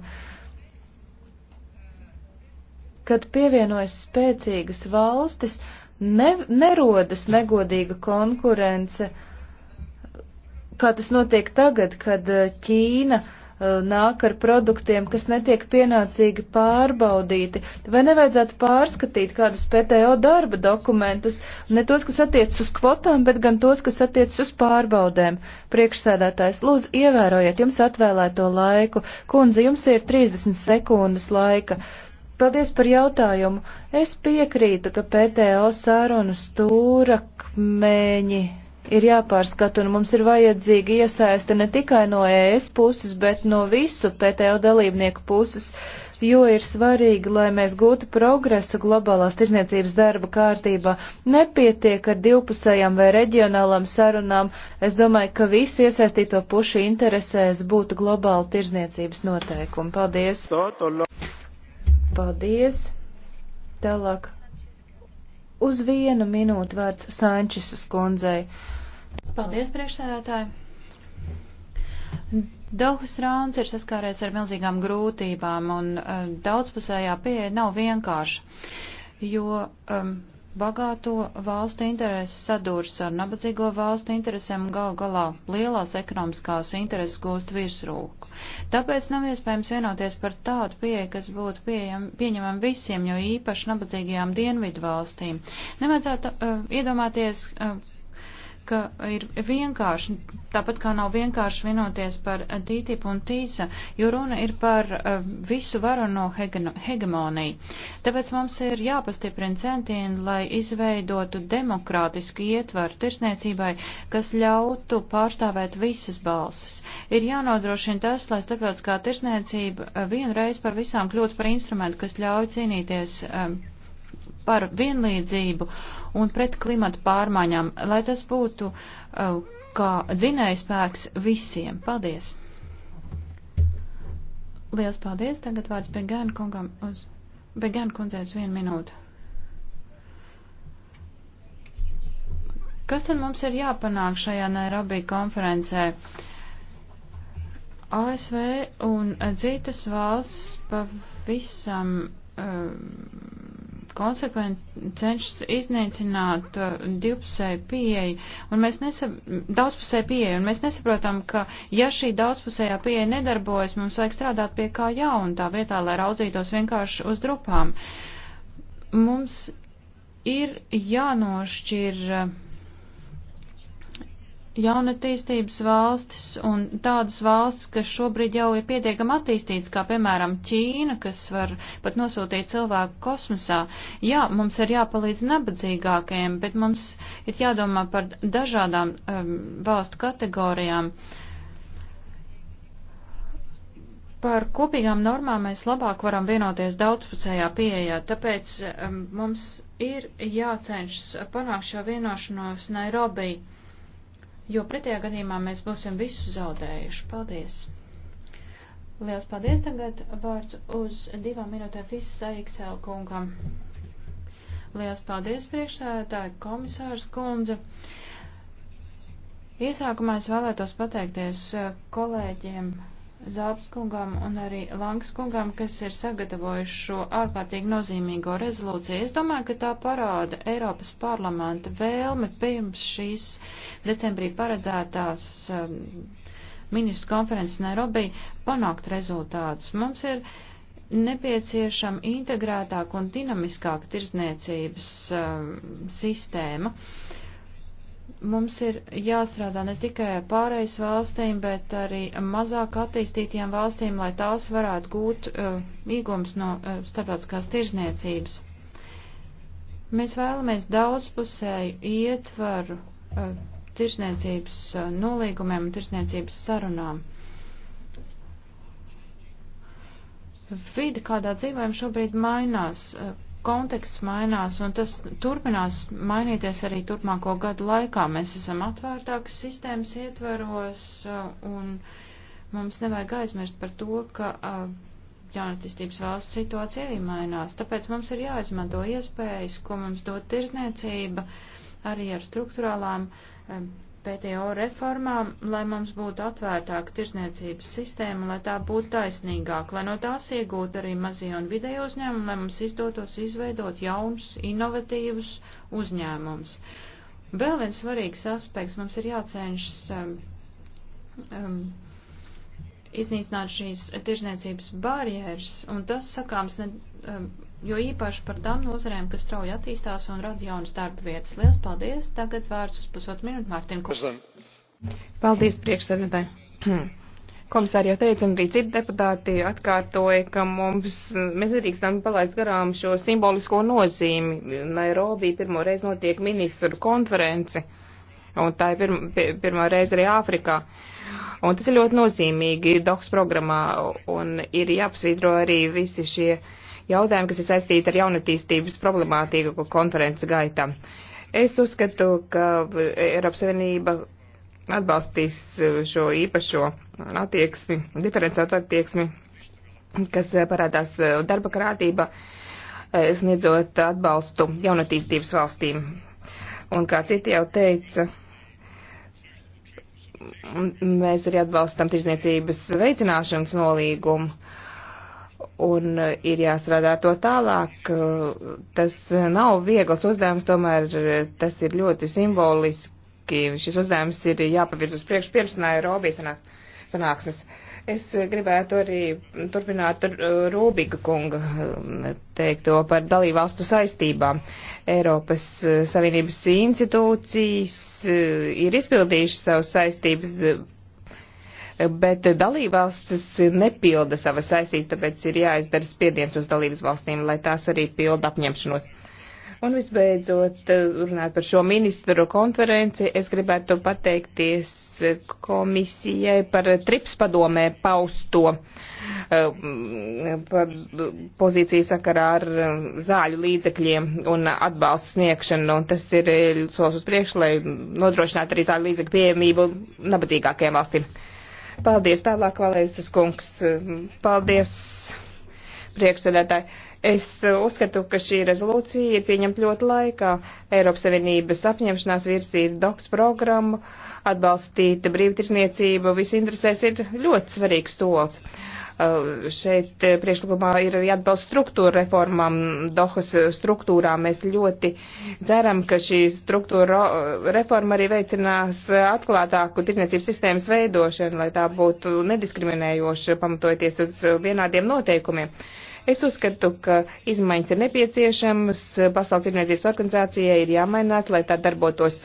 Kad pievienojas spēcīgas valstis, ne, nerodas negodīga konkurence, kā tas notiek tagad, kad Ķīna uh, Eh, nāk ar produktiem, kas netiek pienācīgi pārbaudīti, vai nevajadzētu pārskatīt kādus PTO darba dokumentus, ne tos, kas attiecas uz kvotām, bet gan tos, kas attiecas uz pārbaudēm. Priekšsēdētājs, lūdzu, ievērojiet jums atvēlēto laiku. Kundze, jums ir 30 sekundes laika. Paldies par jautājumu. Es piekrītu, ka PTO sarunu stūra kmeņi ir jāpārskata, un mums ir vajadzīga iesaiste ne tikai no ES puses, bet no visu PTO dalībnieku puses, jo ir svarīgi, lai mēs gūtu progresu globālās tirzniecības darba kārtībā. Nepietiek ar divpusējām vai reģionālām sarunām. Es domāju, ka visu iesaistīto pušu interesēs būtu globāla tirzniecības noteikumi. Paldies! Paldies! Tālāk. Uz vienu minūtu vārds Sančisas kundzei. Paldies, priekšsēdētāji! Dohas rauns ir saskāries ar milzīgām grūtībām, un uh, daudzpusējā pieeja nav vienkārša, jo um, bagāto valstu intereses sadūrs ar nabadzīgo valstu interesēm un gal galā lielās ekonomiskās intereses gūst virsrūku. Tāpēc nav iespējams vienoties par tādu pieeju, kas būtu pieejam, pieņemam visiem, jo īpaši nabadzīgajām dienvidu valstīm. Nevajadzētu uh, iedomāties, uh, ka ir vienkārši, tāpat kā nav vienkārši vienoties par TTIP un TISA, jo runa ir par eh, visu varu no hegemoniju. Tāpēc mums ir jāpastiprina centieni, lai izveidotu demokrātisku ietvaru tirsniecībai, kas ļautu pārstāvēt visas balsis. Ir jānodrošina tas, lai starptautiskā tirsniecība eh, vienreiz par visām kļūtu par instrumentu, kas ļauj cīnīties eh, par vienlīdzību un pret klimatu pārmaiņām, lai tas būtu uh, kā dzinējspēks visiem. Paldies! Liels paldies! Tagad vārds Begēna kungam uz Begēna kundzei uz vienu minūtu. Kas tad mums ir jāpanāk šajā Nairobi konferencē? ASV un citas valsts pavisam um, konsekventi cenšas iznīcināt uh, divpusēju pieeju, un mēs nesab... daudzpusēju pieeju, un mēs nesaprotam, ka ja šī daudzpusējā pieeja nedarbojas, mums vajag strādāt pie kā jauna tā vietā, lai raudzītos vienkārši uz drupām. Mums ir jānošķir uh, jaunatīstības valstis un tādas valstis, kas šobrīd jau ir pietiekami attīstītas, kā piemēram Ķīna, kas var pat nosūtīt cilvēku kosmosā. Jā, mums ir jāpalīdz nabadzīgākajiem, bet mums ir jādomā par dažādām um, valstu kategorijām. Par kopīgām normām mēs labāk varam vienoties daudzpusējā pieejā, tāpēc um, mums ir jācenšas panākt šo vienošanos Nairobi jo pretējā gadījumā mēs būsim visu zaudējuši. Paldies! Lielas paldies tagad vārds uz divām minūtēm visai XL kungam. Lielas paldies priekšsēdētāji komisārs kundze. Iesākumā es vēlētos pateikties eh, kolēģiem Zābskungam un arī Langskungam, kas ir sagatavojuši šo ārkārtīgi nozīmīgo rezolūciju. Es domāju, ka tā parāda Eiropas parlamenta vēlme pirms šīs decembrī paredzētās um, ministru konferences Nairobi panākt rezultātus. Mums ir nepieciešama integrētāka un dinamiskāka tirzniecības um, sistēma. Uh, mums ir jāstrādā ne tikai ar pārējais valstīm, bet arī mazāk attīstītajām valstīm, lai tās varētu gūt uh, īgums no uh, starptautiskās tirzniecības. Mēs vēlamies daudzpusēju ietvaru uh, tirzniecības uh, nolīgumiem un tirzniecības sarunām. Vide, kādā dzīvojam, šobrīd mainās. Uh, konteksts mainās, un tas turpinās mainīties arī turpmāko gadu laikā. Mēs esam atvērtākas sistēmas ietveros, uh, un mums nevajag aizmirst par to, ka uh, jaunatistības valsts situācija arī mainās. Tāpēc mums ir jāizmanto iespējas, ko mums dod tirzniecība, arī ar struktūrālām um, PTO reformām, lai mums būtu atvērtāka tirzniecības sistēma, lai tā būtu taisnīgāka, lai no tās iegūtu arī mazie un vidēji uzņēmumi, lai mums izdotos izveidot jaunus, inovatīvus uzņēmumus. Vēl viens svarīgs aspekts mums ir jācenšas um, um, iznīcināt šīs tirzniecības barjeras, un tas sakāms ne, um, jo īpaši par tām nozarēm, kas strauji attīstās un rada jaunas darba vietas. Lielas paldies! Tagad vārds uz pusotru minūtu Mārtiņu Kungu. Paldies, priekšsēdētāji! (clears throat) Komisāri jau teica, un arī citi deputāti atkārtoja, ka mums, mēs nedrīkstam palaist garām šo simbolisko nozīmi. Nairobi pirmo reizi notiek ministru konference, un tā ir pirma, pirmā reize arī Āfrikā. Un tas ir ļoti nozīmīgi DOCS programmā, un ir jāapsvītro arī visi šie uh, jautājumi, kas ir saistīti ar jaunatīstības problemātīgu konferences gaitā. Es uzskatu, ka Eiropas Savienība atbalstīs šo īpašo attieksmi, diferencētu attieksmi, kas parādās darba krātība, sniedzot atbalstu jaunatīstības valstīm. Un kā citi jau teica, mēs arī atbalstam tirzniecības veicināšanas nolīgumu un uh, ir jāstrādā to tālāk. Uh, tas nav viegls uzdevums, tomēr uh, tas ir ļoti simboliski. Šis uzdevums ir jāpavirz uz priekšu pirms Nairobi sanāksmes. Es gribētu arī turpināt Rūbiga kunga um, teikto par dalībvalstu saistībām. Eiropas Savienības institūcijas ir izpildījušas savas saistības bet dalībvalstis nepilda savas saistības, tāpēc ir jāizdara spiediens uz dalības valstīm, lai tās arī pilda apņemšanos. Un visbeidzot, runāt par šo ministru konferenci, es gribētu pateikties komisijai par trips padomē pausto eh, par pozīciju sakarā ar zāļu līdzekļiem un atbalstu sniegšanu. Un tas ir solis uz priekšu, lai nodrošinātu arī zāļu līdzekļu pieejamību nabadzīgākajām valstīm. Paldies, tālāk Valēzes kungs. Paldies, priekšsēdētāji. Es uzskatu, ka šī rezolūcija ir pieņemta ļoti laikā. Eiropas Savienības apņemšanās virsīt DOCS programmu, atbalstīt brīvtirsniecību, visinteresēs ir ļoti svarīgs solis. Uh, Šeit priekšlikumā ir arī atbalsts struktūra reformām, Dohas struktūrā. Mēs ļoti ceram, ka šī struktūra reforma arī veicinās atklātāku tirdzniecības sistēmas veidošanu, lai tā būtu nediskriminējoša, pamatojoties uz vienādiem noteikumiem. Es uzskatu, ka izmaiņas ir nepieciešamas, Pasaules tirniecības organizācijai ir jāmainās, lai tā darbotos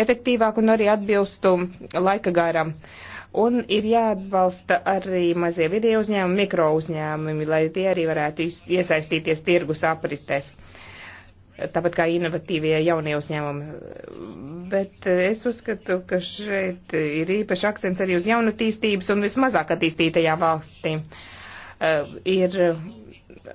efektīvāk un arī atbilstu laika garam. Uh, Un ir jāatbalsta arī mazie video uzņēmumi, mikro uzņēmumi, lai tie arī varētu iesaistīties tirgus apritēs. Tāpat kā inovatīvie jaunie uzņēmumi. Bet eh, es uzskatu, ka šeit ir īpaši akcents arī uz jaunatīstības un vismazāk attīstītajām valstīm. Uh, eh, ir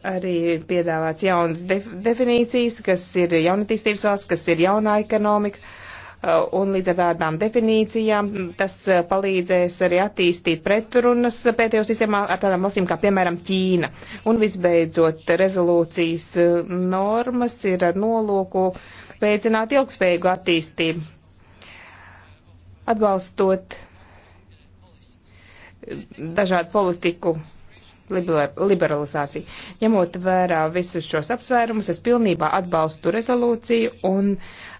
arī piedāvāts jaunas def definīcijas, kas ir jaunatīstības valsts, kas ir jaunā ekonomika. Uh, Uh, un līdz ar tādām definīcijām tas uh, palīdzēs arī attīstīt pretrunas pētējo sistēmā ar tādām valstīm kā piemēram Ķīna. Un visbeidzot, rezolūcijas uh, normas ir ar nolūku veicināt ilgspējīgu attīstību. Atbalstot dažādu politiku liberalizāciju. Ņemot vērā visus šos apsvērumus, es pilnībā atbalstu rezolūciju un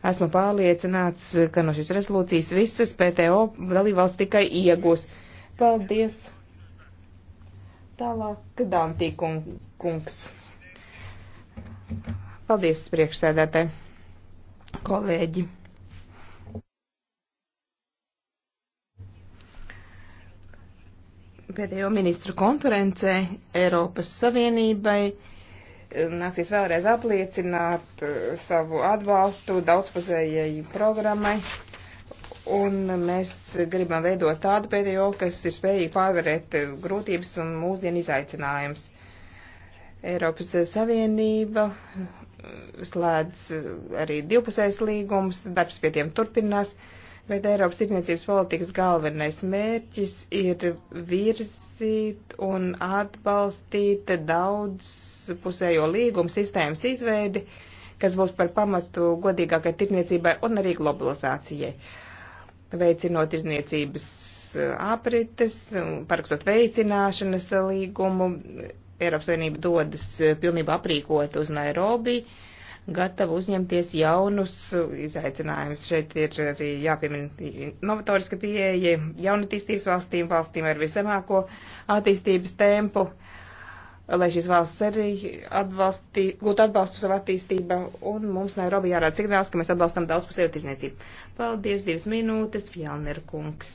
esmu pārliecināts, ka no šīs rezolūcijas visas PTO dalībvalsts tikai iegūs. Paldies! Tālāk Dantī kungs. Paldies priekšsēdētāji, kolēģi! pēdējo ministru konferencē Eiropas Savienībai e, nāksies vēlreiz apliecināt e, savu atbalstu daudzpusējai programmai. Un mēs gribam veidot tādu pēdējo, kas ir spējīgi pārvarēt e, grūtības un mūsdienu izaicinājums. Eiropas Savienība slēdz arī divpusējs līgums, darbs pie tiem turpinās. Uh, bet Eiropas tirdzniecības politikas galvenais mērķis ir virzīt un atbalstīt daudz pusējo līgumu sistēmas izveidi, kas būs par pamatu godīgākai tirdzniecībai un arī globalizācijai, veicinot tirdzniecības eh, aprites, parakstot veicināšanas līgumu. Eiropas Savienība dodas eh, pilnībā aprīkot uz Nairobi. Uh, gatava uzņemties jaunus izaicinājumus. Šeit ir arī jāpiemina novatoriska pieeja jaunatīstības valstīm, valstīm ar viszemāko attīstības tempu, lai šīs valsts arī atbalsti, gūtu atbalstu savu attīstību, un mums Nairobi jārāda signāls, ka mēs atbalstam daudzpusēju tirzniecību. Paldies, divas minūtes, Fjellner kungs.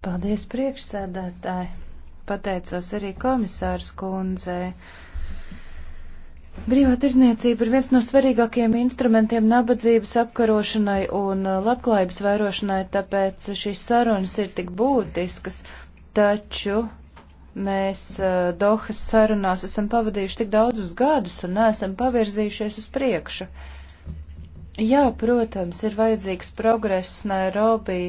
Paldies, priekšsēdētāji! Pateicos arī komisārs kundzei. Brīvā tirzniecība ir viens no svarīgākajiem instrumentiem nabadzības apkarošanai un uh, labklājības vairošanai, tāpēc šīs sarunas ir tik būtiskas, taču mēs uh, Dohas sarunās esam pavadījuši tik daudzus gadus un neesam pavirzījušies uz priekšu. Jā, protams, ir vajadzīgs progress Nairobi,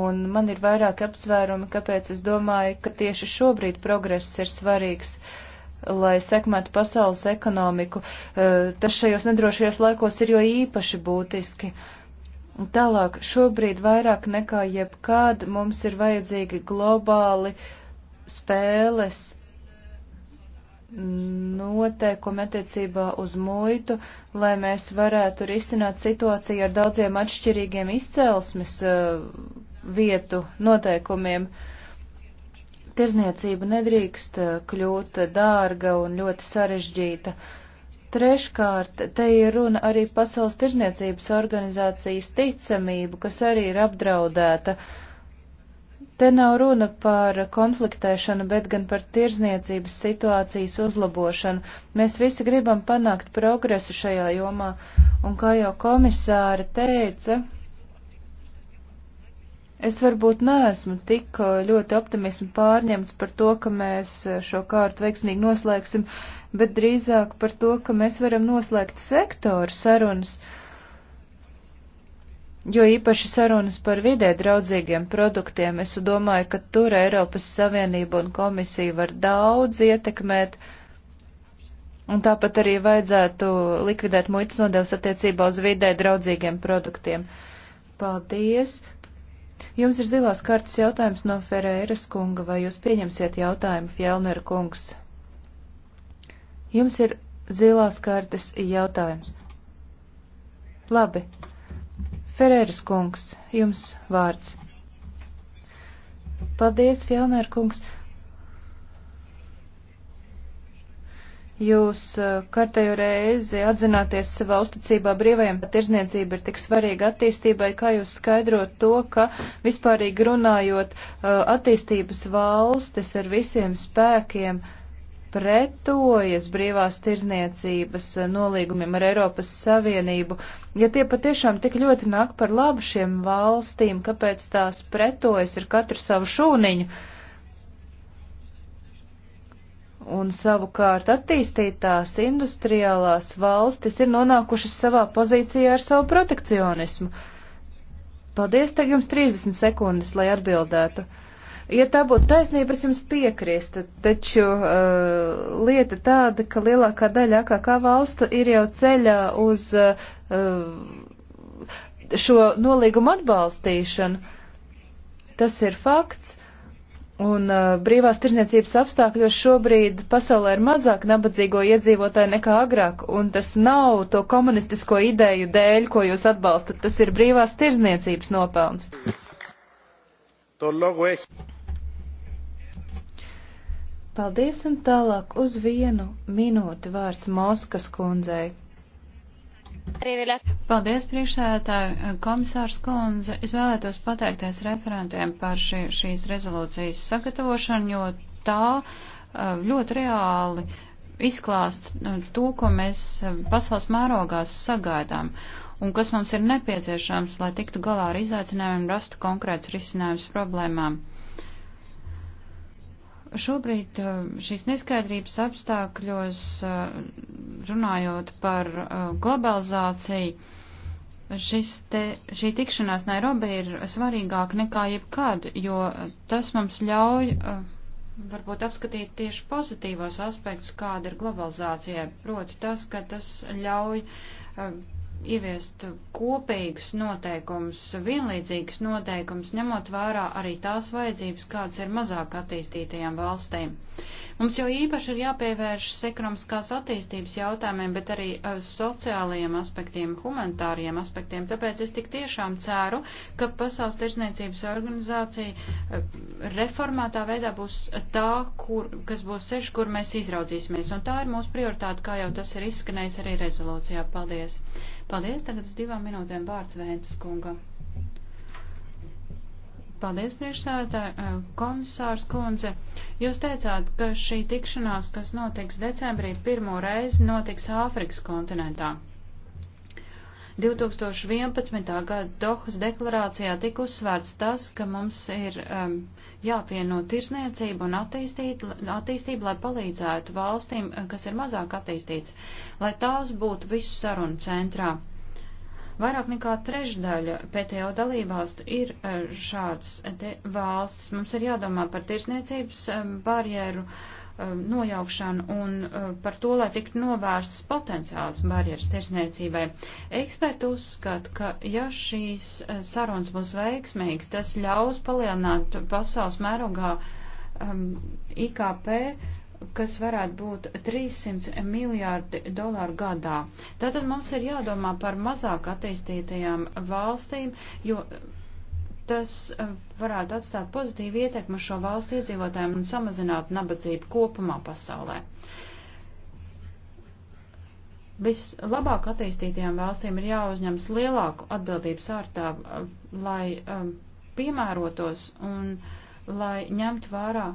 un man ir vairāk apsvērumi, kāpēc es domāju, ka tieši šobrīd progress ir svarīgs. Uh, lai sekmētu pasaules ekonomiku. Eh, tas šajos nedrošajos laikos ir jo īpaši būtiski. Tālāk, šobrīd vairāk nekā jebkād mums ir vajadzīgi globāli spēles noteikumi attiecībā uz muitu, lai mēs varētu risināt situāciju ar daudziem atšķirīgiem izcelsmes eh, vietu noteikumiem. Uh, Tirzniecība nedrīkst eh, kļūt dārga un ļoti sarežģīta. Treškārt, te ir runa arī Pasaules tirzniecības organizācijas ticamību, kas arī ir apdraudēta. Te nav runa par konfliktēšanu, bet gan par tirzniecības situācijas uzlabošanu. Mēs visi gribam panākt progresu šajā jomā, un kā jau komisāri teica, Es varbūt neesmu tik uh, ļoti optimismu pārņemts par to, ka mēs uh, šo kārtu veiksmīgi noslēgsim, bet drīzāk par to, ka mēs varam noslēgt sektoru sarunas, jo īpaši sarunas par vidē draudzīgiem produktiem. Es domāju, ka tur Eiropas Savienība un komisija var daudz ietekmēt, un tāpat arī vajadzētu likvidēt muitas nodevs attiecībā uz vidē draudzīgiem produktiem. Paldies! Jums ir zilās kartas jautājums no Ferēras kunga, vai jūs pieņemsiet jautājumu, Fjellner kungs? Jums ir zilās kartas jautājums. Labi. Ferēras kungs, jums vārds. Paldies, Fjellner kungs. Jūs eh, kārtējo reizi atzināties savā uzticībā brīvajam, ka tirzniecība ir tik svarīga attīstībai, kā jūs skaidrot to, ka vispārīgi runājot eh, attīstības valstis ar visiem spēkiem pretojas brīvās tirzniecības eh, nolīgumiem ar Eiropas Savienību. Ja tie patiešām tik ļoti nāk par labu šiem valstīm, kāpēc tās pretojas ar katru savu šūniņu? Uh, un savukārt attīstītās industriālās valstis ir nonākušas savā pozīcijā ar savu protekcionismu. Paldies, tagad jums 30 sekundes, lai atbildētu. Ja tā būtu taisnība, es jums piekrīstu, taču uh, lieta tāda, ka lielākā daļa AKK valstu ir jau ceļā uz uh, šo nolīgumu atbalstīšanu. Tas ir fakts. Un uh, brīvās tirzniecības apstākļos šobrīd pasaulē ir mazāk nabadzīgo iedzīvotāju nekā agrāk, un tas nav to komunistisko ideju dēļ, ko jūs atbalstat, tas ir brīvās tirzniecības nopelns. Paldies un tālāk uz vienu minūti vārds Moskas kundzei. Paldies, priekšsēdētāji, komisārs Konze. Es vēlētos pateikties referentiem par šī, šīs rezolūcijas sagatavošanu, jo tā eh, ļoti reāli izklāst nu, to, ko mēs eh, pasaules mērogās sagaidām un kas mums ir nepieciešams, lai tiktu galā ar izaicinājumiem un rastu konkrēts risinājums problēmām šobrīd eh, šīs neskaidrības apstākļos, eh, runājot par eh, globalizāciju, šis te, šī tikšanās Nairobi ir svarīgāk nekā jebkad, jo tas mums ļauj varbūt apskatīt tieši pozitīvos aspektus, kāda ir globalizācija. Proti tas, ka tas ļauj ieviest kopīgus noteikumus, vienlīdzīgus noteikumus, ņemot vērā arī tās vajadzības, kādas ir mazāk attīstītajām valstīm. Mums jau īpaši ir jāpievēršas ekonomiskās attīstības jautājumiem, bet arī eh, sociālajiem aspektiem, humanitāriem aspektiem. Tāpēc es tik tiešām ceru, ka Pasaules tirsniecības organizācija eh, reformātā veidā būs tā, kur, kas būs ceļš, kur mēs izraudzīsimies. Un tā ir mūsu prioritāte, kā jau tas ir izskanējis arī rezolūcijā. Paldies! Paldies, tagad uz divām minūtēm vārds Vēntas kungam. Paldies, priekšsēdētāji, eh, komisārs kundze. Jūs teicāt, ka šī tikšanās, kas notiks decembrī, pirmo reizi notiks Āfrikas kontinentā. 2011. gada Dohas deklarācijā tika uzsvērts tas, ka mums ir um, jāpieno tirsniecība un attīstība, lai palīdzētu valstīm, uh, kas ir mazāk attīstīts, lai tās būtu visu sarunu centrā. Vairāk nekā trešdaļa PTO dalībvalstu ir uh, šādas valstis. Mums ir jādomā par tirsniecības um, barjeru. Uh, Um, nojaukšanu un uh, par to, lai tiktu novērstas potenciāls barjeras tirsniecībai. Eksperti uzskata, ka ja šīs uh, sarunas būs veiksmīgas, tas ļaus palielināt pasaules mērogā um, IKP kas varētu būt 300 miljārdi dolāru gadā. Tātad mums ir jādomā par mazāk attīstītajām valstīm, jo tas eh, varētu atstāt pozitīvu ietekmu šo valstu iedzīvotājiem un samazināt nabadzību kopumā pasaulē. Vislabāk attīstītajām valstīm ir jāuzņems lielāku atbildības ārtā, eh, lai um, piemērotos un lai ņemtu vērā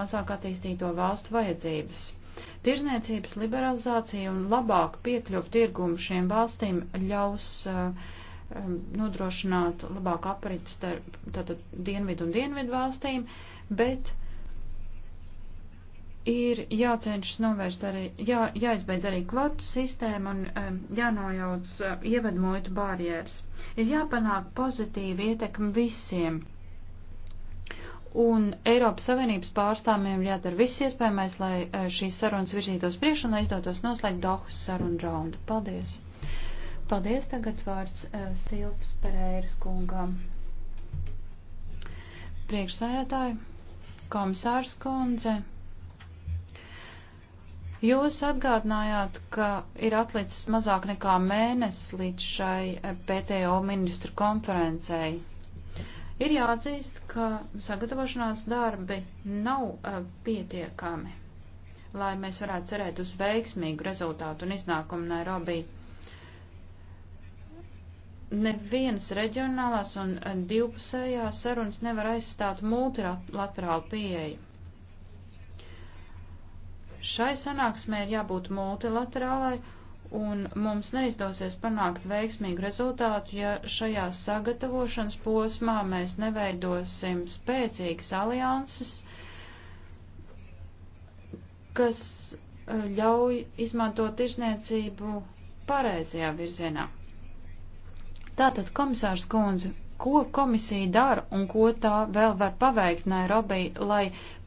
mazāk attīstīto valstu vajadzības. Tirzniecības liberalizācija un labāk piekļuvu tirgumu šiem valstīm ļaus uh, Um, nodrošināt labāku apritu starp tātad dienvidu un dienvidu valstīm, bet ir jācenšas novērst arī, jā, jāizbeidz arī kvotu sistēma un um, jānojauc uh, ievedmoitu barjeras. Ir jāpanāk pozitīva ietekme visiem. Un Eiropas Savienības pārstāvjiem jādara viss iespējamais, lai uh, šīs sarunas virzītos priekš un lai izdotos noslēgt Dohas sarunu raundu. Paldies! Paldies, tagad vārds eh, Silvas Pereiras kungam. Priekšsēdētāji, komisārs kundze. Jūs atgādinājāt, ka ir atlicis mazāk nekā mēnesis līdz šai eh, PTO ministru konferencei. Ir jāatzīst, ka sagatavošanās darbi nav uh, pietiekami, lai mēs varētu cerēt uz veiksmīgu rezultātu un iznākumu Nairobi nevienas reģionālās un eh, divpusējās sarunas nevar aizstāt multilaterālu pieeju. Šai sanāksmē ir jābūt multilaterālai, un mums neizdosies panākt veiksmīgu rezultātu, ja šajā sagatavošanas posmā mēs neveidosim spēcīgas alianses, kas eh, ļauj izmantot tirzniecību pareizajā virzienā. Tātad, komisārs Kunze, ko komisija dara un ko tā vēl var paveikt Nairobi, lai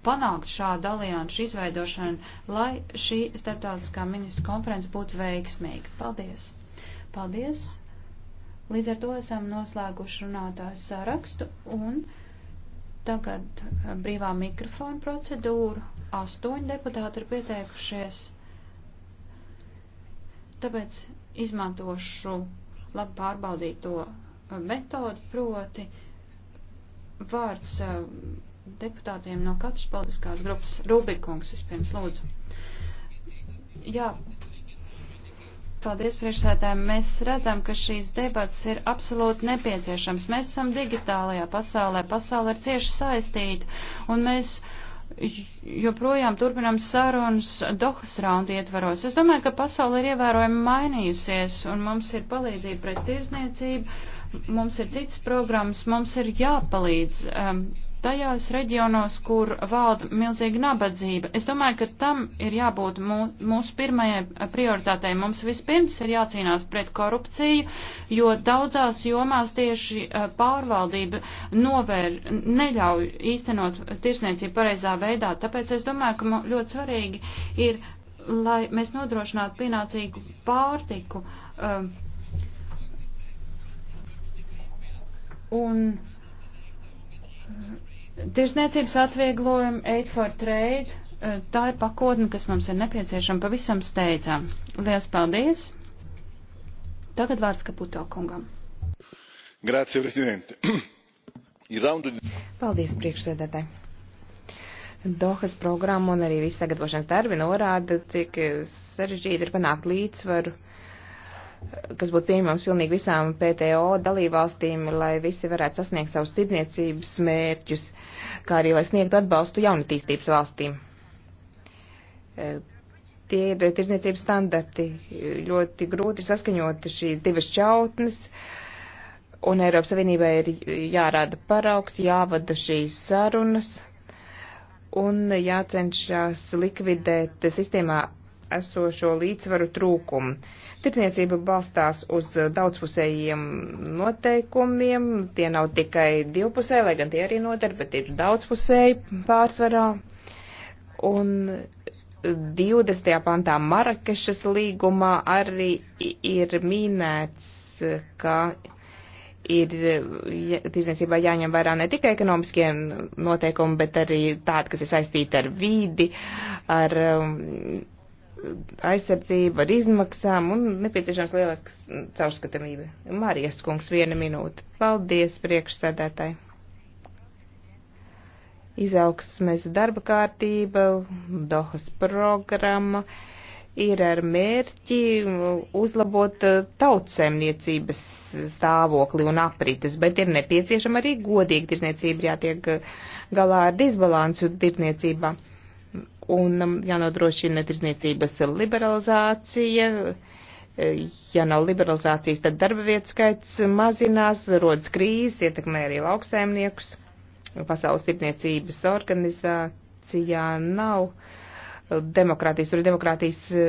panāktu šādu alianšu izveidošanu, lai šī starptautiskā ministru konference būtu veiksmīga? Paldies! Paldies! Līdz ar to esam noslēguši runātāju sarakstu un tagad eh, brīvā mikrofona procedūru. Astoņi deputāti ir pieteikušies. Tāpēc izmantošu labi pārbaudīto uh, metodi, proti vārds uh, deputātiem no katras politiskās grupas. Rūbikungs vispirms lūdzu. Jā, Paldies, priekšsētājiem. Mēs redzam, ka šīs debats ir absolūti nepieciešams. Mēs esam digitālajā pasaulē, pasaule ir cieši saistīta, un mēs joprojām turpinām sarunas Dohas raundu ietvaros. Es domāju, ka pasaule ir ievērojami mainījusies un mums ir palīdzība pret tirzniecību, mums ir citas programmas, mums ir jāpalīdz um, tajās reģionos, kur valda milzīga nabadzība. Es domāju, ka tam ir jābūt mūsu pirmajai prioritātei. Mums vispirms ir jācīnās pret korupciju, jo daudzās jomās tieši eh, pārvaldība novēr, neļauj īstenot tirsniecību pareizā veidā. Tāpēc es domāju, ka ļoti svarīgi ir, lai mēs nodrošinātu pienācīgu pārtiku. Eh, un Tirzniecības atvieglojumi, aid for trade, eh, tā ir pakotne, kas mums ir nepieciešama pavisam steidzām. Lielas paldies! Tagad vārds Kaputo kungam. Grācija, prezidente. Raundu... (clears throat) Paldies, priekšsēdētāji. Dohas programma un arī viss sagatavošanas darbi norāda, cik eh, sarežģīti ir panākt līdzsvaru kas būtu pieņemams pilnīgi visām PTO dalībvalstīm, lai visi varētu sasniegt savus tirdzniecības mērķus, kā arī lai sniegtu atbalstu jaunatīstības valstīm. E, tie ir tirdzniecības standarti. Ļoti grūti saskaņot šīs divas čautnes, un Eiropas Savienībai ir jārāda paraugs, jāvada šīs sarunas un jācenšas likvidēt sistēmā esošo līdzsvaru trūkumu. Tirdzniecība balstās uz daudzpusējiem noteikumiem, tie nav tikai divpusēji, lai gan tie arī noder, bet ir daudzpusēji pārsvarā. Un 20. pantā Marakešas līgumā arī ir mīnēts, ka ir tirdzniecībā jāņem vērā ne tikai ekonomiskie noteikumi, bet arī tādi, kas ir saistīti ar vīdi, ar um, aizsardzība ar izmaksām un nepieciešams lielāks caurskatamība. Marijas kungs, viena minūte. Paldies priekšsēdētāji. Izaugsmes darba kārtība, Dohas programma ir ar mērķi uzlabot uh, tautsēmniecības stāvokli un aprites, bet ir nepieciešama arī godīga tirzniecība, jātiek uh, galā ar disbalansu tirzniecībā. Uh, un um, jānodrošina tirzniecības liberalizācija. Ja nav liberalizācijas, tad darba vietas skaits mazinās, rodas krīzes, ietekmē arī lauksaimniekus. Pasaules tirdzniecības organizācijā nav demokrātijas, tur ir demokrātijas eh,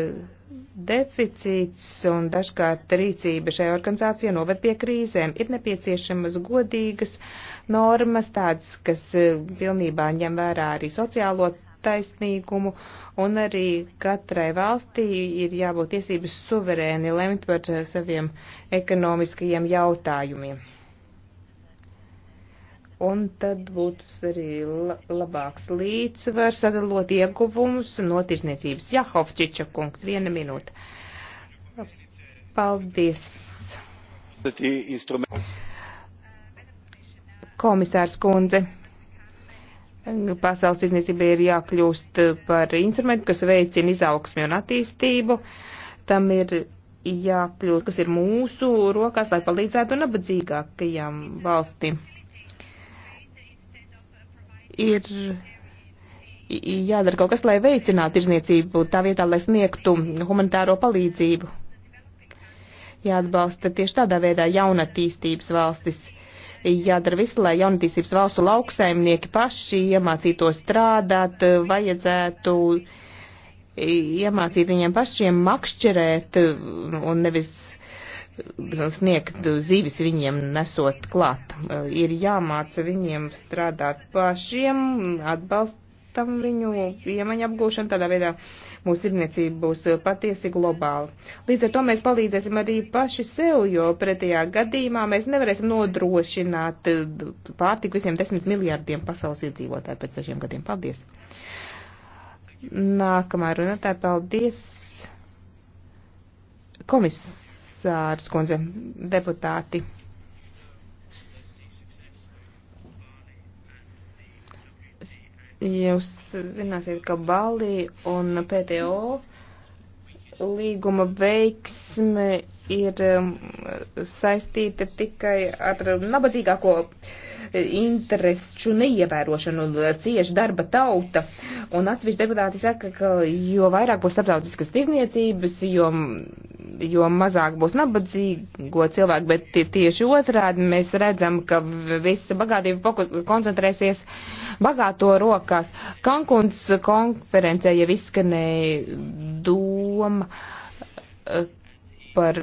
deficīts un dažkārt rīcība šai organizācijai noved pie krīzēm. Ir nepieciešamas godīgas normas, tādas, kas eh, pilnībā ņem vērā arī sociālo taisnīgumu, un arī katrai valstī ir jābūt tiesības suverēni lemt par saviem ekonomiskajiem jautājumiem. Un tad būtu arī labāks līdzsvars sadalot ieguvumus no tirsniecības. Jahov Čiča kungs, viena minūte. Paldies. Komisārs kundze. Pasaules izniecība ir jākļūst par instrumentu, kas veicina izaugsmi un attīstību. Tam ir jākļūst, kas ir mūsu rokās, lai palīdzētu nabadzīgākajām valstīm. Ir jādara kaut kas, lai veicinātu tirzniecību tā vietā, lai sniegtu humanitāro palīdzību. Jāatbalsta tieši tādā veidā jaunatīstības valstis jādara visu, lai jaunatīstības valstu lauksaimnieki paši iemācītos strādāt, vajadzētu iemācīt viņiem pašiem makšķerēt un nevis sniegt zīvis viņiem nesot klāt. Ir jāmāca viņiem strādāt pašiem, atbalst atbalstam viņu iemaņu apgūšanu, tādā veidā mūsu tirniecība būs eh, patiesi globāla. Līdz ar to mēs palīdzēsim arī paši sev, jo pretējā gadījumā mēs nevarēsim nodrošināt eh, pārtiku visiem desmit miljārdiem pasaules iedzīvotāju pēc dažiem gadiem. Paldies! Nākamā runātāja, paldies! Komisārs kundze, deputāti. Jūs zināsiet, ka Balī un PTO līguma veiksme ir um, saistīta tikai ar nabadzīgāko eh, interesu neievērošanu un eh, cieši darba tauta. Un atsevišķi deputāti saka, ka jo vairāk būs starptautiskas tirzniecības, jo, jo mazāk būs nabadzīgo cilvēku, bet tieši otrādi mēs redzam, ka visa bagātība fokus, koncentrēsies bagāto rokās. Kankuns konferencē jau izskanēja doma, eh, par,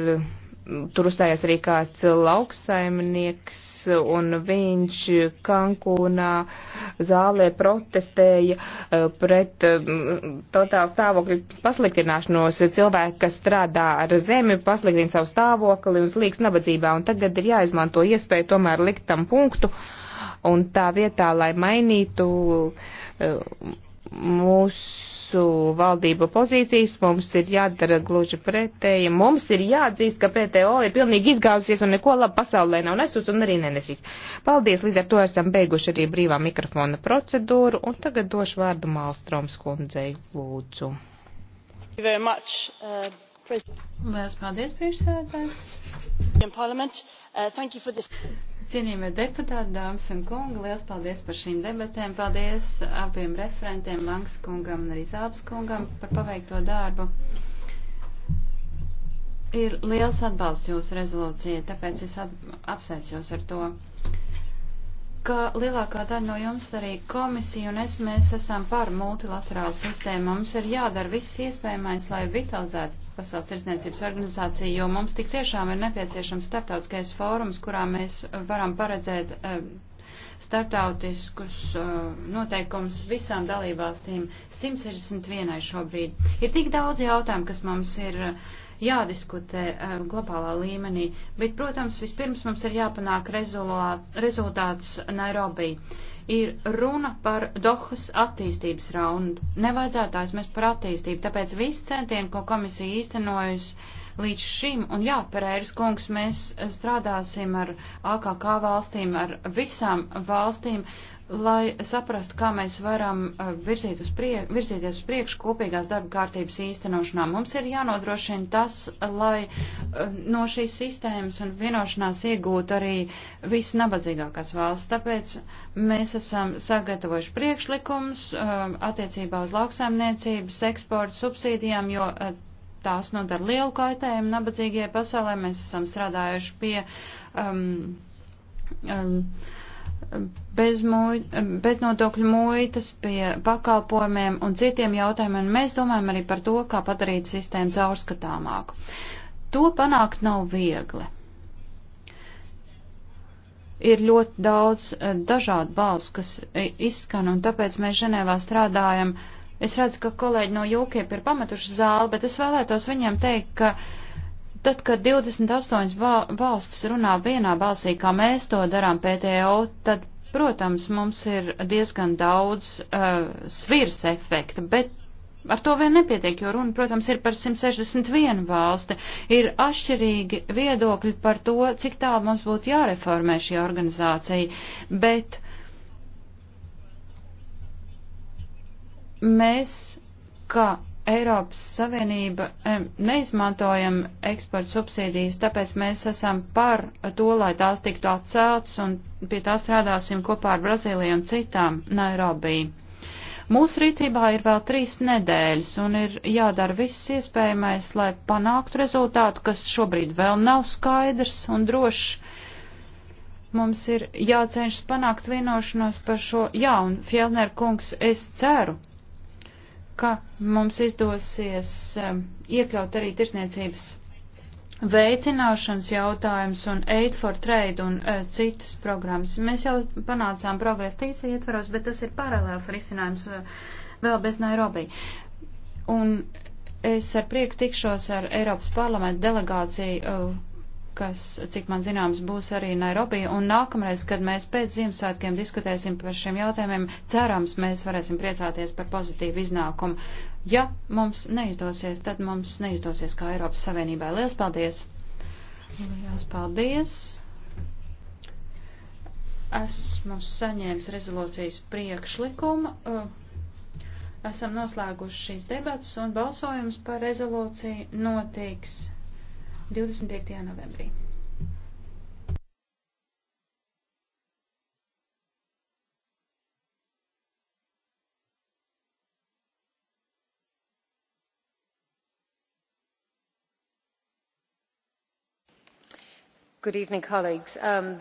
tur uzstājās arī kāds lauksaimnieks, un viņš Kankūnā zālē protestēja eh, pret mm, totālu stāvokļu pasliktināšanos. Cilvēki, kas strādā ar zemi, pasliktina savu stāvokli un slīgs nabadzībā, un tagad ir jāizmanto iespēju tomēr likt tam punktu, un tā vietā, lai mainītu eh, mūsu mūsu valdību pozīcijas, mums ir jādara gluži pretēji. Mums ir jāatzīst, ka PTO ir pilnīgi izgāzusies un neko labu pasaulē nav nesus un arī nenesīs. Paldies, līdz ar to esam beiguši arī brīvā mikrofona procedūru un tagad došu vārdu Mālstroms kundzei lūdzu. Uh, Lielas paldies, priekšsēdētājs. Cienījamie deputāti, dāmas un kungi, liels paldies par šīm debatēm. Paldies abiem referentiem, Langs kungam un arī Zābs kungam par paveikto darbu. Ir liels atbalsts jūsu rezolūcijai, tāpēc es apsveicu jūs ar to, ka lielākā daļa no jums, arī komisija un es, mēs esam par multilaterālu sistēmu. Mums ir jādara viss iespējamais, lai vitalizētu Pasaules tirsniecības organizācija, jo mums tik tiešām ir nepieciešams starptautiskais fórums, kurā mēs varam paredzēt eh, startautiskus eh, noteikumus visām dalībvalstīm. 161 šobrīd. Ir tik daudz jautājumu, kas mums ir eh, jādiskutē globālā līmenī, bet, protams, vispirms mums ir jāpanāk rezultāts Nairobi ir runa par Dohas attīstības raundu. Nevajadzētu aizmest par attīstību, tāpēc viss centieni, ko komisija īstenojusi līdz šim, un jā, Pereiras kungs, mēs strādāsim ar AKK valstīm, ar visām valstīm, lai saprastu, kā mēs varam uh, virzīt uz priek, virzīties uz priekšu kopīgās darba kārtības īstenošanā. Mums ir jānodrošina tas, lai uh, no šīs sistēmas un vienošanās iegūtu arī visnabadzīgākās valsts. Tāpēc mēs esam sagatavojuši priekšlikums uh, attiecībā uz lauksaimniecības, eksporta subsīdijām, jo tās nodara lielu kaitējumu nabadzīgajai pasaulē. Mēs esam strādājuši pie. Um, um, bez, muj, bez nodokļu muitas, pie pakalpojumiem un citiem jautājumiem. Mēs domājam arī par to, kā padarīt sistēmu caurskatāmāku. To panākt nav viegli. Ir ļoti daudz eh, dažādu balsu, kas eh, izskan, un tāpēc mēs Ženēvā strādājam. Es redzu, ka kolēģi no Jūkiem ir pametuši zāli, bet es vēlētos viņiem teikt, ka Tad, kad 28 valstis runā vienā balsī, kā mēs to darām PTO, tad, protams, mums ir diezgan daudz uh, svirs efekta, bet ar to vien nepietiek, jo runa, protams, ir par 161 valsti. Ir atšķirīgi viedokļi par to, cik tālu mums būtu jāreformē šī organizācija, bet mēs, kā Eiropas Savienība neizmantojam eksporta subsīdijas, tāpēc mēs esam par to, lai tās tiktu atceltas un pie tā strādāsim kopā ar Brazīliju un citām Nairobi. Mūsu rīcībā ir vēl trīs nedēļas un ir jādara viss iespējamais, lai panāktu rezultātu, kas šobrīd vēl nav skaidrs un drošs. Mums ir jācenšas panākt vienošanos par šo, jā, un Fjellner kungs, es ceru, ka mums izdosies um, iekļaut arī tirsniecības veicināšanas jautājums un Aid for Trade un uh, citas programmas. Mēs jau panācām progresu tīsa ietvaros, bet tas ir paralēls risinājums uh, vēl bez Nairobi. Un es ar prieku tikšos ar Eiropas parlamentu delegāciju uh, kas, cik man zināms, būs arī Nairobi. Un nākamreiz, kad mēs pēc Ziemassvētkiem diskutēsim par šiem jautājumiem, cerams, mēs varēsim priecāties par pozitīvu iznākumu. Ja mums neizdosies, tad mums neizdosies kā Eiropas Savienībai. Lielas paldies! Lielas paldies! Esmu saņēmis rezolūcijas priekšlikumu. Esam noslēguši šīs debatas un balsojums par rezolūciju notiks 25. novembrī. Good evening, colleagues. Um...